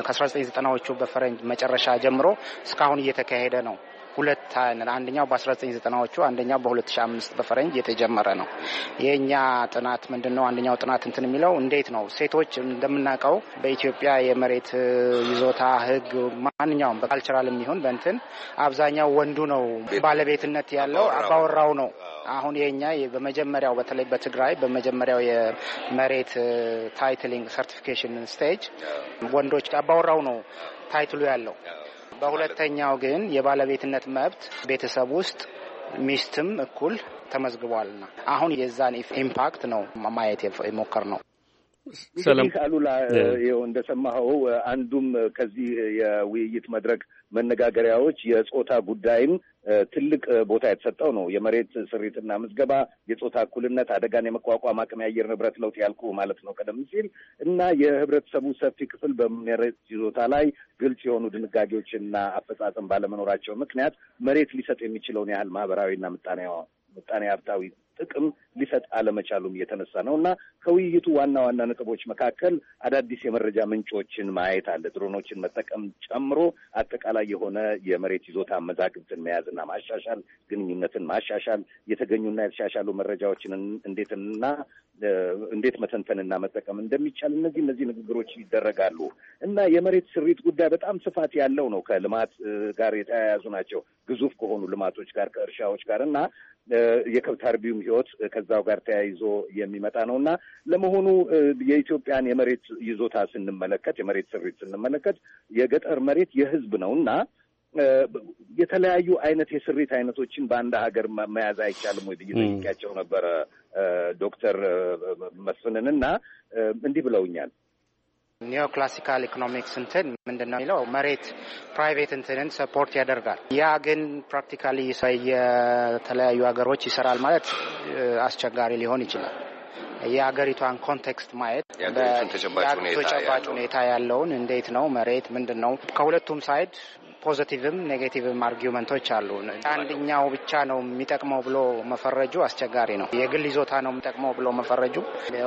ከ1990ዎቹ በፈረንጅ መጨረሻ ጀምሮ እስካሁን እየተካሄደ ነው። ሁለት አይነት አንደኛው በ1990ዎቹ አንደኛው በ2005 በፈረንጅ የተጀመረ ነው። የእኛ ጥናት ምንድን ነው? አንደኛው ጥናት እንትን የሚለው እንዴት ነው ሴቶች እንደምናውቀው በኢትዮጵያ የመሬት ይዞታ ሕግ ማንኛውም በካልቸራል የሚሆን በእንትን አብዛኛው ወንዱ ነው ባለቤትነት ያለው አባወራው ነው። አሁን የኛ በመጀመሪያው በተለይ በትግራይ በመጀመሪያው የመሬት ታይትሊንግ ሰርቲፊኬሽን ስቴጅ ወንዶች አባወራው ነው ታይትሉ ያለው በሁለተኛው ግን የባለቤትነት መብት ቤተሰብ ውስጥ ሚስትም እኩል ተመዝግቧልና አሁን የዛን ኢምፓክት ነው ማየት የሞከር ነው። እንግዲህ አሉላ ይኸው እንደሰማኸው አንዱም ከዚህ የውይይት መድረክ መነጋገሪያዎች የጾታ ጉዳይም ትልቅ ቦታ የተሰጠው ነው። የመሬት ስሪትና ምዝገባ፣ የጾታ እኩልነት፣ አደጋን የመቋቋም አቅም፣ የአየር ንብረት ለውጥ ያልኩ ማለት ነው ቀደም ሲል እና የህብረተሰቡ ሰፊ ክፍል በመሬት ይዞታ ላይ ግልጽ የሆኑ ድንጋጌዎችና አፈጻጸም ባለመኖራቸው ምክንያት መሬት ሊሰጥ የሚችለውን ያህል ማህበራዊና ምጣኔ ምጣኔ ሀብታዊ ጥቅም ሊሰጥ አለመቻሉም እየተነሳ ነው እና ከውይይቱ ዋና ዋና ነጥቦች መካከል አዳዲስ የመረጃ ምንጮችን ማየት አለ። ድሮኖችን መጠቀም ጨምሮ አጠቃላይ የሆነ የመሬት ይዞታ መዛግብትን መያዝና ማሻሻል፣ ግንኙነትን ማሻሻል፣ የተገኙና የተሻሻሉ መረጃዎችን እንዴትና እንዴት መተንተንና መጠቀም እንደሚቻል እነዚህ እነዚህ ንግግሮች ይደረጋሉ እና የመሬት ስሪት ጉዳይ በጣም ስፋት ያለው ነው። ከልማት ጋር የተያያዙ ናቸው። ግዙፍ ከሆኑ ልማቶች ጋር ከእርሻዎች ጋር እና የከብት አርቢውም ህይወት ከዛው ጋር ተያይዞ የሚመጣ ነው እና ለመሆኑ የኢትዮጵያን የመሬት ይዞታ ስንመለከት፣ የመሬት ስሪት ስንመለከት የገጠር መሬት የህዝብ ነው እና የተለያዩ አይነት የስሪት አይነቶችን በአንድ ሀገር መያዝ አይቻልም ወይ ብዬ ጠይቄያቸው ነበረ ዶክተር መስፍንን እና እንዲህ ብለውኛል። ኒዮ ክላሲካል ኢኮኖሚክስ እንትን ምንድን ነው የሚለው መሬት ፕራይቬት እንትንን ሰፖርት ያደርጋል። ያ ግን ፕራክቲካሊ የተለያዩ ሀገሮች ይሰራል ማለት አስቸጋሪ ሊሆን ይችላል። የሀገሪቷን ኮንቴክስት ማየት ተጨባጭ ሁኔታ ያለውን እንዴት ነው መሬት ምንድን ነው ከሁለቱም ሳይድ ፖዘቲቭም ኔጌቲቭም አርጊመንቶች አሉ። አንድኛው ብቻ ነው የሚጠቅመው ብሎ መፈረጁ አስቸጋሪ ነው። የግል ይዞታ ነው የሚጠቅመው ብሎ መፈረጁ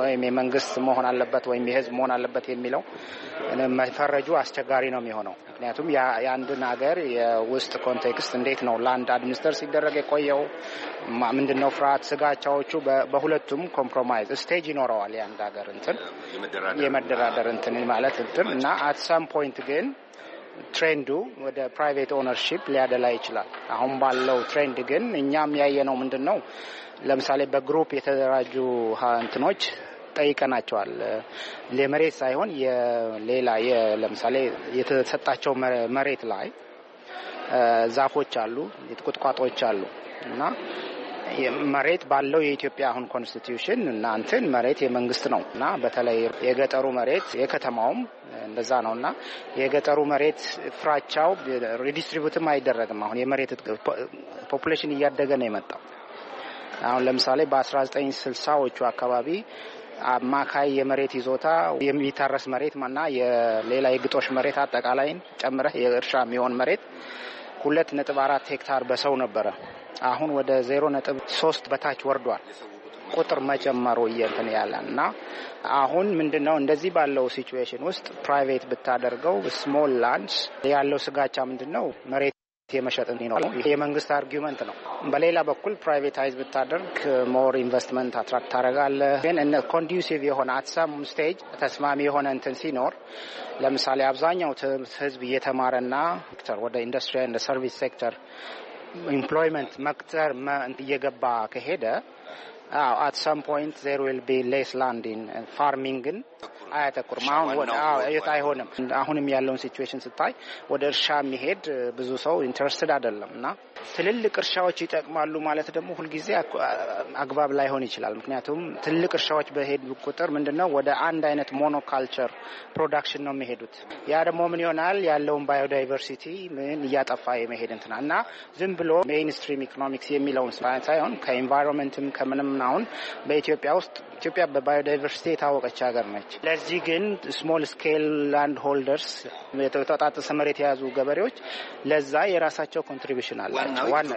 ወይም የመንግስት መሆን አለበት ወይም የህዝብ መሆን አለበት የሚለው መፈረጁ አስቸጋሪ ነው የሚሆነው። ምክንያቱም የአንድን ሀገር የውስጥ ኮንቴክስት እንዴት ነው ለአንድ አድሚኒስተር ሲደረግ የቆየው ምንድነው ፍርሃት፣ ስጋቻዎቹ በሁለቱም ኮምፕሮማይዝ ስቴጅ ይኖረዋል። የአንድ ሀገር እንትን የመደራደር እንትን ማለት እንትን እና አት ሳም ፖይንት ግን ትሬንዱ ወደ ፕራይቬት ኦነርሺፕ ሊያደላ ይችላል። አሁን ባለው ትሬንድ ግን እኛም ያየነው ምንድን ነው? ለምሳሌ በግሩፕ የተደራጁ እንትኖች ጠይቀናቸዋል። ለመሬት ሳይሆን የሌላ ለምሳሌ የተሰጣቸው መሬት ላይ ዛፎች አሉ፣ ቁጥቋጦዎች አሉ እና መሬት ባለው የኢትዮጵያ አሁን ኮንስቲትዩሽን እና እንትን መሬት የመንግስት ነው እና በተለይ የገጠሩ መሬት የከተማውም እንደዛ ነው እና የገጠሩ መሬት ፍራቻው ሪዲስትሪቡትም አይደረግም። አሁን የመሬት ፖፑሌሽን እያደገ ነው የመጣው። አሁን ለምሳሌ በ1960ዎቹ አካባቢ አማካይ የመሬት ይዞታ የሚታረስ መሬት እና የሌላ የግጦሽ መሬት አጠቃላይን ጨምረህ የእርሻ የሚሆን መሬት ሁለት ነጥብ አራት ሄክታር በሰው ነበረ። አሁን ወደ ዜሮ ነጥብ ሶስት በታች ወርዷል። ቁጥር መጨመሩ እየትን ያለ እና አሁን ምንድን ነው እንደዚህ ባለው ሲቹዌሽን ውስጥ ፕራይቬት ብታደርገው ስሞል ላንድስ ያለው ስጋቻ ምንድን ነው? መሬት የመሸጥ ነው። ይሄ የመንግስት አርጊመንት ነው። በሌላ በኩል ፕራይቬታይዝ ብታደርግ ሞር ኢንቨስትመንት አትራክት ታደረጋለ። ግን ኮንዲሲቭ የሆነ አትሰም ስቴጅ ተስማሚ የሆነ እንትን ሲኖር ለምሳሌ አብዛኛው ህዝብ እየተማረና ወደ ኢንዱስትሪ ሰርቪስ ሴክተር ኢምፕሎይመንት መቅጠር እየገባ ከሄደ አት ሰም ፖይንት ዜር ዊል ቢ ሌስ ላንድ ኢን ፋርሚንግን አያተኩርም። አሁን ወደ አይሆንም። አሁንም ያለውን ሲቹዌሽን ስታይ ወደ እርሻ የሚሄድ ብዙ ሰው ኢንተረስትድ አይደለም እና ትልልቅ እርሻዎች ይጠቅማሉ ማለት ደግሞ ሁልጊዜ አግባብ ላይሆን ይችላል። ምክንያቱም ትልቅ እርሻዎች በሄድ ቁጥር ምንድነው ወደ አንድ አይነት ሞኖካልቸር ፕሮዳክሽን ነው የሚሄዱት። ያ ደግሞ ምን ይሆናል ያለውን ባዮዳይቨርሲቲ ምን እያጠፋ የመሄድ እንትና እና ዝም ብሎ ሜይንስትሪም ኢኮኖሚክስ የሚለውን ስራ ሳይሆን ከኤንቫይሮንመንትም ከምንም አሁን በኢትዮጵያ ውስጥ ኢትዮጵያ በባዮዳይቨርሲቲ የታወቀች ሀገር ነች። ከዚህ ግን ስሞል ስኬል ላንድ ሆልደርስ የተወጣጠሰ መሬት የያዙ ገበሬዎች ለዛ የራሳቸው ኮንትሪቢሽን አላቸው። ዋና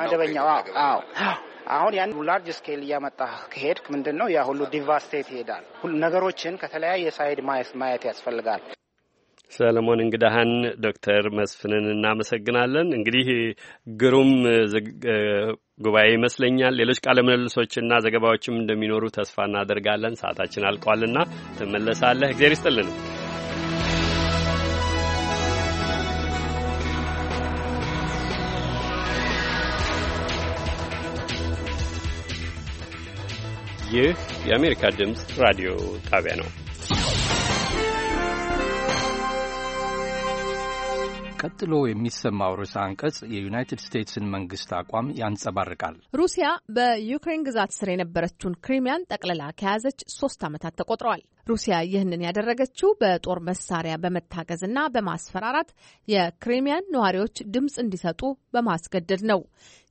መደበኛው አሁን ያን ላርጅ ስኬል እያመጣ ከሄድክ ምንድን ነው ያ ሁሉ ዲቫስቴት ይሄዳል። ነገሮችን ከተለያየ ሳይድ ማየት ያስፈልጋል። ሰለሞን እንግዳህን ዶክተር መስፍንን እናመሰግናለን። እንግዲህ ግሩም ጉባኤ ይመስለኛል። ሌሎች ቃለ ምልልሶችና ዘገባዎችም እንደሚኖሩ ተስፋ እናደርጋለን። ሰዓታችን አልቋልና ትመለሳለህ። እግዜር ይስጥልን። ይህ የአሜሪካ ድምፅ ራዲዮ ጣቢያ ነው። ቀጥሎ የሚሰማው ርዕሰ አንቀጽ የዩናይትድ ስቴትስን መንግስት አቋም ያንጸባርቃል። ሩሲያ በዩክሬን ግዛት ስር የነበረችውን ክሪሚያን ጠቅልላ ከያዘች ሶስት ዓመታት ተቆጥረዋል። ሩሲያ ይህንን ያደረገችው በጦር መሳሪያ በመታገዝና በማስፈራራት የክሪሚያን ነዋሪዎች ድምፅ እንዲሰጡ በማስገደድ ነው።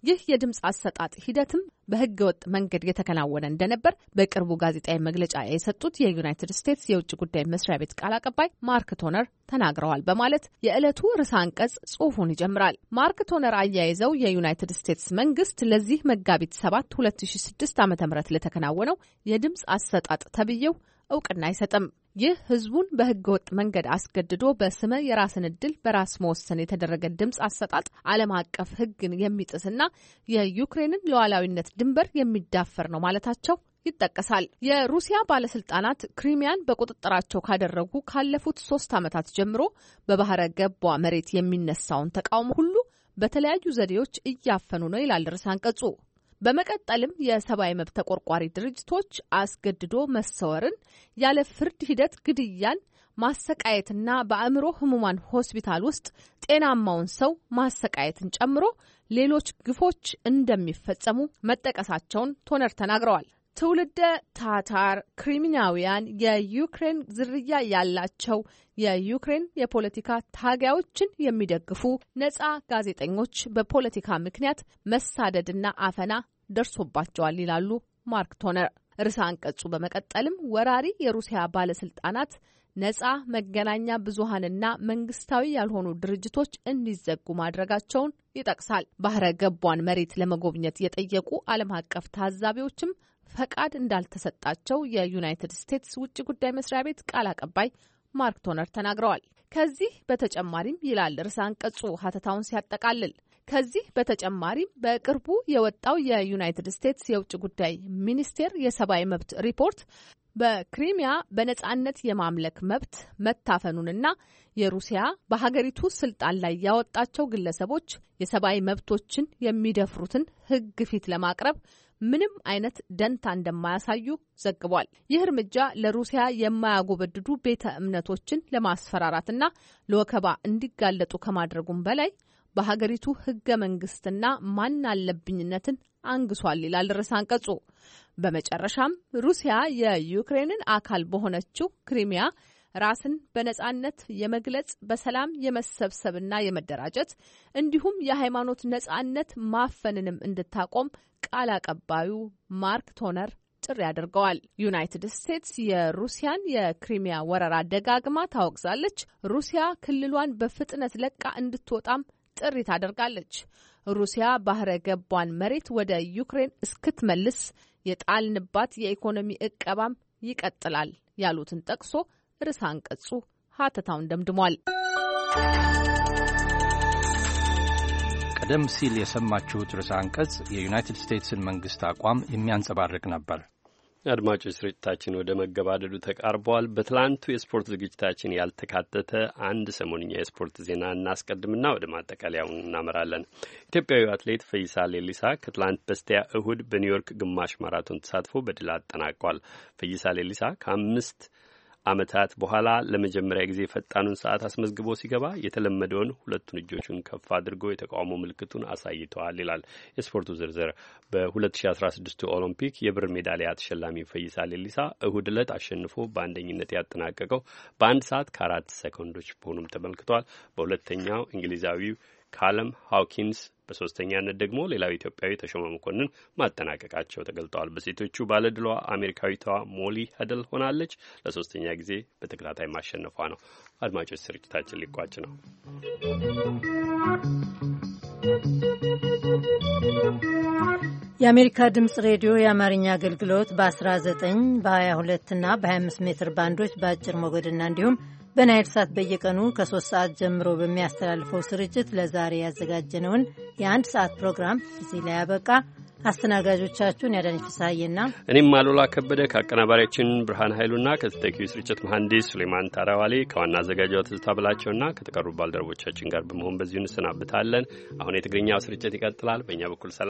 ይህ የድምፅ አሰጣጥ ሂደትም በህገ ወጥ መንገድ የተከናወነ እንደነበር በቅርቡ ጋዜጣዊ መግለጫ የሰጡት የዩናይትድ ስቴትስ የውጭ ጉዳይ መስሪያ ቤት ቃል አቀባይ ማርክ ቶነር ተናግረዋል በማለት የዕለቱ ርዕሰ አንቀጽ ጽሑፉን ይጀምራል። ማርክ ቶነር አያይዘው የዩናይትድ ስቴትስ መንግስት ለዚህ መጋቢት 7 2006 ዓ ም ለተከናወነው የድምፅ አሰጣጥ ተብዬው እውቅና አይሰጥም። ይህ ህዝቡን በህገ ወጥ መንገድ አስገድዶ በስመ የራስን እድል በራስ መወሰን የተደረገ ድምፅ አሰጣጥ ዓለም አቀፍ ህግን የሚጥስና የዩክሬንን ሉዓላዊነት ድንበር የሚዳፈር ነው ማለታቸው ይጠቀሳል። የሩሲያ ባለስልጣናት ክሪሚያን በቁጥጥራቸው ካደረጉ ካለፉት ሶስት ዓመታት ጀምሮ በባህረ ገቧ መሬት የሚነሳውን ተቃውሞ ሁሉ በተለያዩ ዘዴዎች እያፈኑ ነው ይላል ርዕሰ አንቀጹ። በመቀጠልም የሰብአዊ መብት ተቆርቋሪ ድርጅቶች አስገድዶ መሰወርን፣ ያለ ፍርድ ሂደት ግድያን፣ ማሰቃየትና በአእምሮ ህሙማን ሆስፒታል ውስጥ ጤናማውን ሰው ማሰቃየትን ጨምሮ ሌሎች ግፎች እንደሚፈጸሙ መጠቀሳቸውን ቶነር ተናግረዋል። ትውልደ ታታር ክሪሚናውያን የዩክሬን ዝርያ ያላቸው የዩክሬን የፖለቲካ ታጋዮችን የሚደግፉ ነጻ ጋዜጠኞች በፖለቲካ ምክንያት መሳደድና አፈና ደርሶባቸዋል ይላሉ ማርክ ቶነር። ርዕሰ አንቀጹ በመቀጠልም ወራሪ የሩሲያ ባለስልጣናት ነጻ መገናኛ ብዙሀንና መንግስታዊ ያልሆኑ ድርጅቶች እንዲዘጉ ማድረጋቸውን ይጠቅሳል። ባህረ ገቧን መሬት ለመጎብኘት የጠየቁ ዓለም አቀፍ ታዛቢዎችም ፈቃድ እንዳልተሰጣቸው የዩናይትድ ስቴትስ ውጭ ጉዳይ መስሪያ ቤት ቃል አቀባይ ማርክ ቶነር ተናግረዋል። ከዚህ በተጨማሪም ይላል ርዕሰ አንቀጹ ሀተታውን ሲያጠቃልል ከዚህ በተጨማሪም በቅርቡ የወጣው የዩናይትድ ስቴትስ የውጭ ጉዳይ ሚኒስቴር የሰብአዊ መብት ሪፖርት በክሪሚያ በነጻነት የማምለክ መብት መታፈኑንና የሩሲያ በሀገሪቱ ስልጣን ላይ ያወጣቸው ግለሰቦች የሰብአዊ መብቶችን የሚደፍሩትን ሕግ ፊት ለማቅረብ ምንም አይነት ደንታ እንደማያሳዩ ዘግቧል። ይህ እርምጃ ለሩሲያ የማያጎበድዱ ቤተ እምነቶችን ለማስፈራራትና ለወከባ እንዲጋለጡ ከማድረጉም በላይ በሀገሪቱ ህገ መንግስትና ማን አለብኝነትን አንግሷል ይላል ርዕስ አንቀጹ። በመጨረሻም ሩሲያ የዩክሬንን አካል በሆነችው ክሪሚያ ራስን በነጻነት የመግለጽ በሰላም የመሰብሰብና የመደራጀት እንዲሁም የሃይማኖት ነጻነት ማፈንንም እንድታቆም ቃል አቀባዩ ማርክ ቶነር ጥሪ አድርገዋል። ዩናይትድ ስቴትስ የሩሲያን የክሪሚያ ወረራ ደጋግማ ታወግዛለች። ሩሲያ ክልሏን በፍጥነት ለቃ እንድትወጣም ጥሪ ታደርጋለች። ሩሲያ ባህረ ገቧን መሬት ወደ ዩክሬን እስክትመልስ የጣልንባት የኢኮኖሚ እቀባም ይቀጥላል ያሉትን ጠቅሶ ርዕሰ አንቀጹ ሀተታውን ደምድሟል። ቀደም ሲል የሰማችሁት ርዕሰ አንቀጽ የዩናይትድ ስቴትስን መንግስት አቋም የሚያንጸባርቅ ነበር። አድማጮች ስርጭታችን ወደ መገባደዱ ተቃርበዋል። በትላንቱ የስፖርት ዝግጅታችን ያልተካተተ አንድ ሰሞንኛ የስፖርት ዜና እናስቀድምና ወደ ማጠቃለያው እናመራለን። ኢትዮጵያዊ አትሌት ፈይሳ ሌሊሳ ከትላንት በስቲያ እሁድ በኒውዮርክ ግማሽ ማራቶን ተሳትፎ በድል አጠናቋል። ፈይሳ ሌሊሳ ከአምስት ዓመታት በኋላ ለመጀመሪያ ጊዜ ፈጣኑን ሰዓት አስመዝግቦ ሲገባ የተለመደውን ሁለቱን እጆቹን ከፍ አድርጎ የተቃውሞ ምልክቱን አሳይተዋል ይላል የስፖርቱ ዝርዝር። በ2016 ኦሎምፒክ የብር ሜዳሊያ ተሸላሚ ፈይሳ ሌሊሳ እሁድ ዕለት አሸንፎ በአንደኝነት ያጠናቀቀው በአንድ ሰዓት ከአራት ሰኮንዶች መሆኑም ተመልክቷል። በሁለተኛው እንግሊዛዊው ካለም ሃውኪንስ በሶስተኛነት ደግሞ ሌላው ኢትዮጵያዊ ተሾመ መኮንን ማጠናቀቃቸው ተገልጠዋል። በሴቶቹ ባለድሏ አሜሪካዊቷ ሞሊ ሀደል ሆናለች። ለሶስተኛ ጊዜ በተከታታይ ማሸነፏ ነው። አድማጮች፣ ስርጭታችን ሊቋጭ ነው። የአሜሪካ ድምፅ ሬዲዮ የአማርኛ አገልግሎት በ19 በ22 እና በ25 ሜትር ባንዶች በአጭር ሞገድና እንዲሁም በናይል ሳት በየቀኑ ከሶስት ሰዓት ጀምሮ በሚያስተላልፈው ስርጭት ለዛሬ ያዘጋጀነውን የአንድ ሰዓት ፕሮግራም እዚህ ላይ ያበቃ። አስተናጋጆቻችሁን ያዳነች ፍስሐዬና እኔም አሉላ ከበደ ከአቀናባሪያችን ብርሃን ኃይሉና ከተተኪው ስርጭት መሐንዲስ ሱሌማን ታራዋሌ ከዋና አዘጋጇ ትዝታ ብላቸውና ከተቀሩ ባልደረቦቻችን ጋር በመሆን በዚሁ እንሰናብታለን። አሁን የትግርኛው ስርጭት ይቀጥላል። በእኛ በኩል ሰላም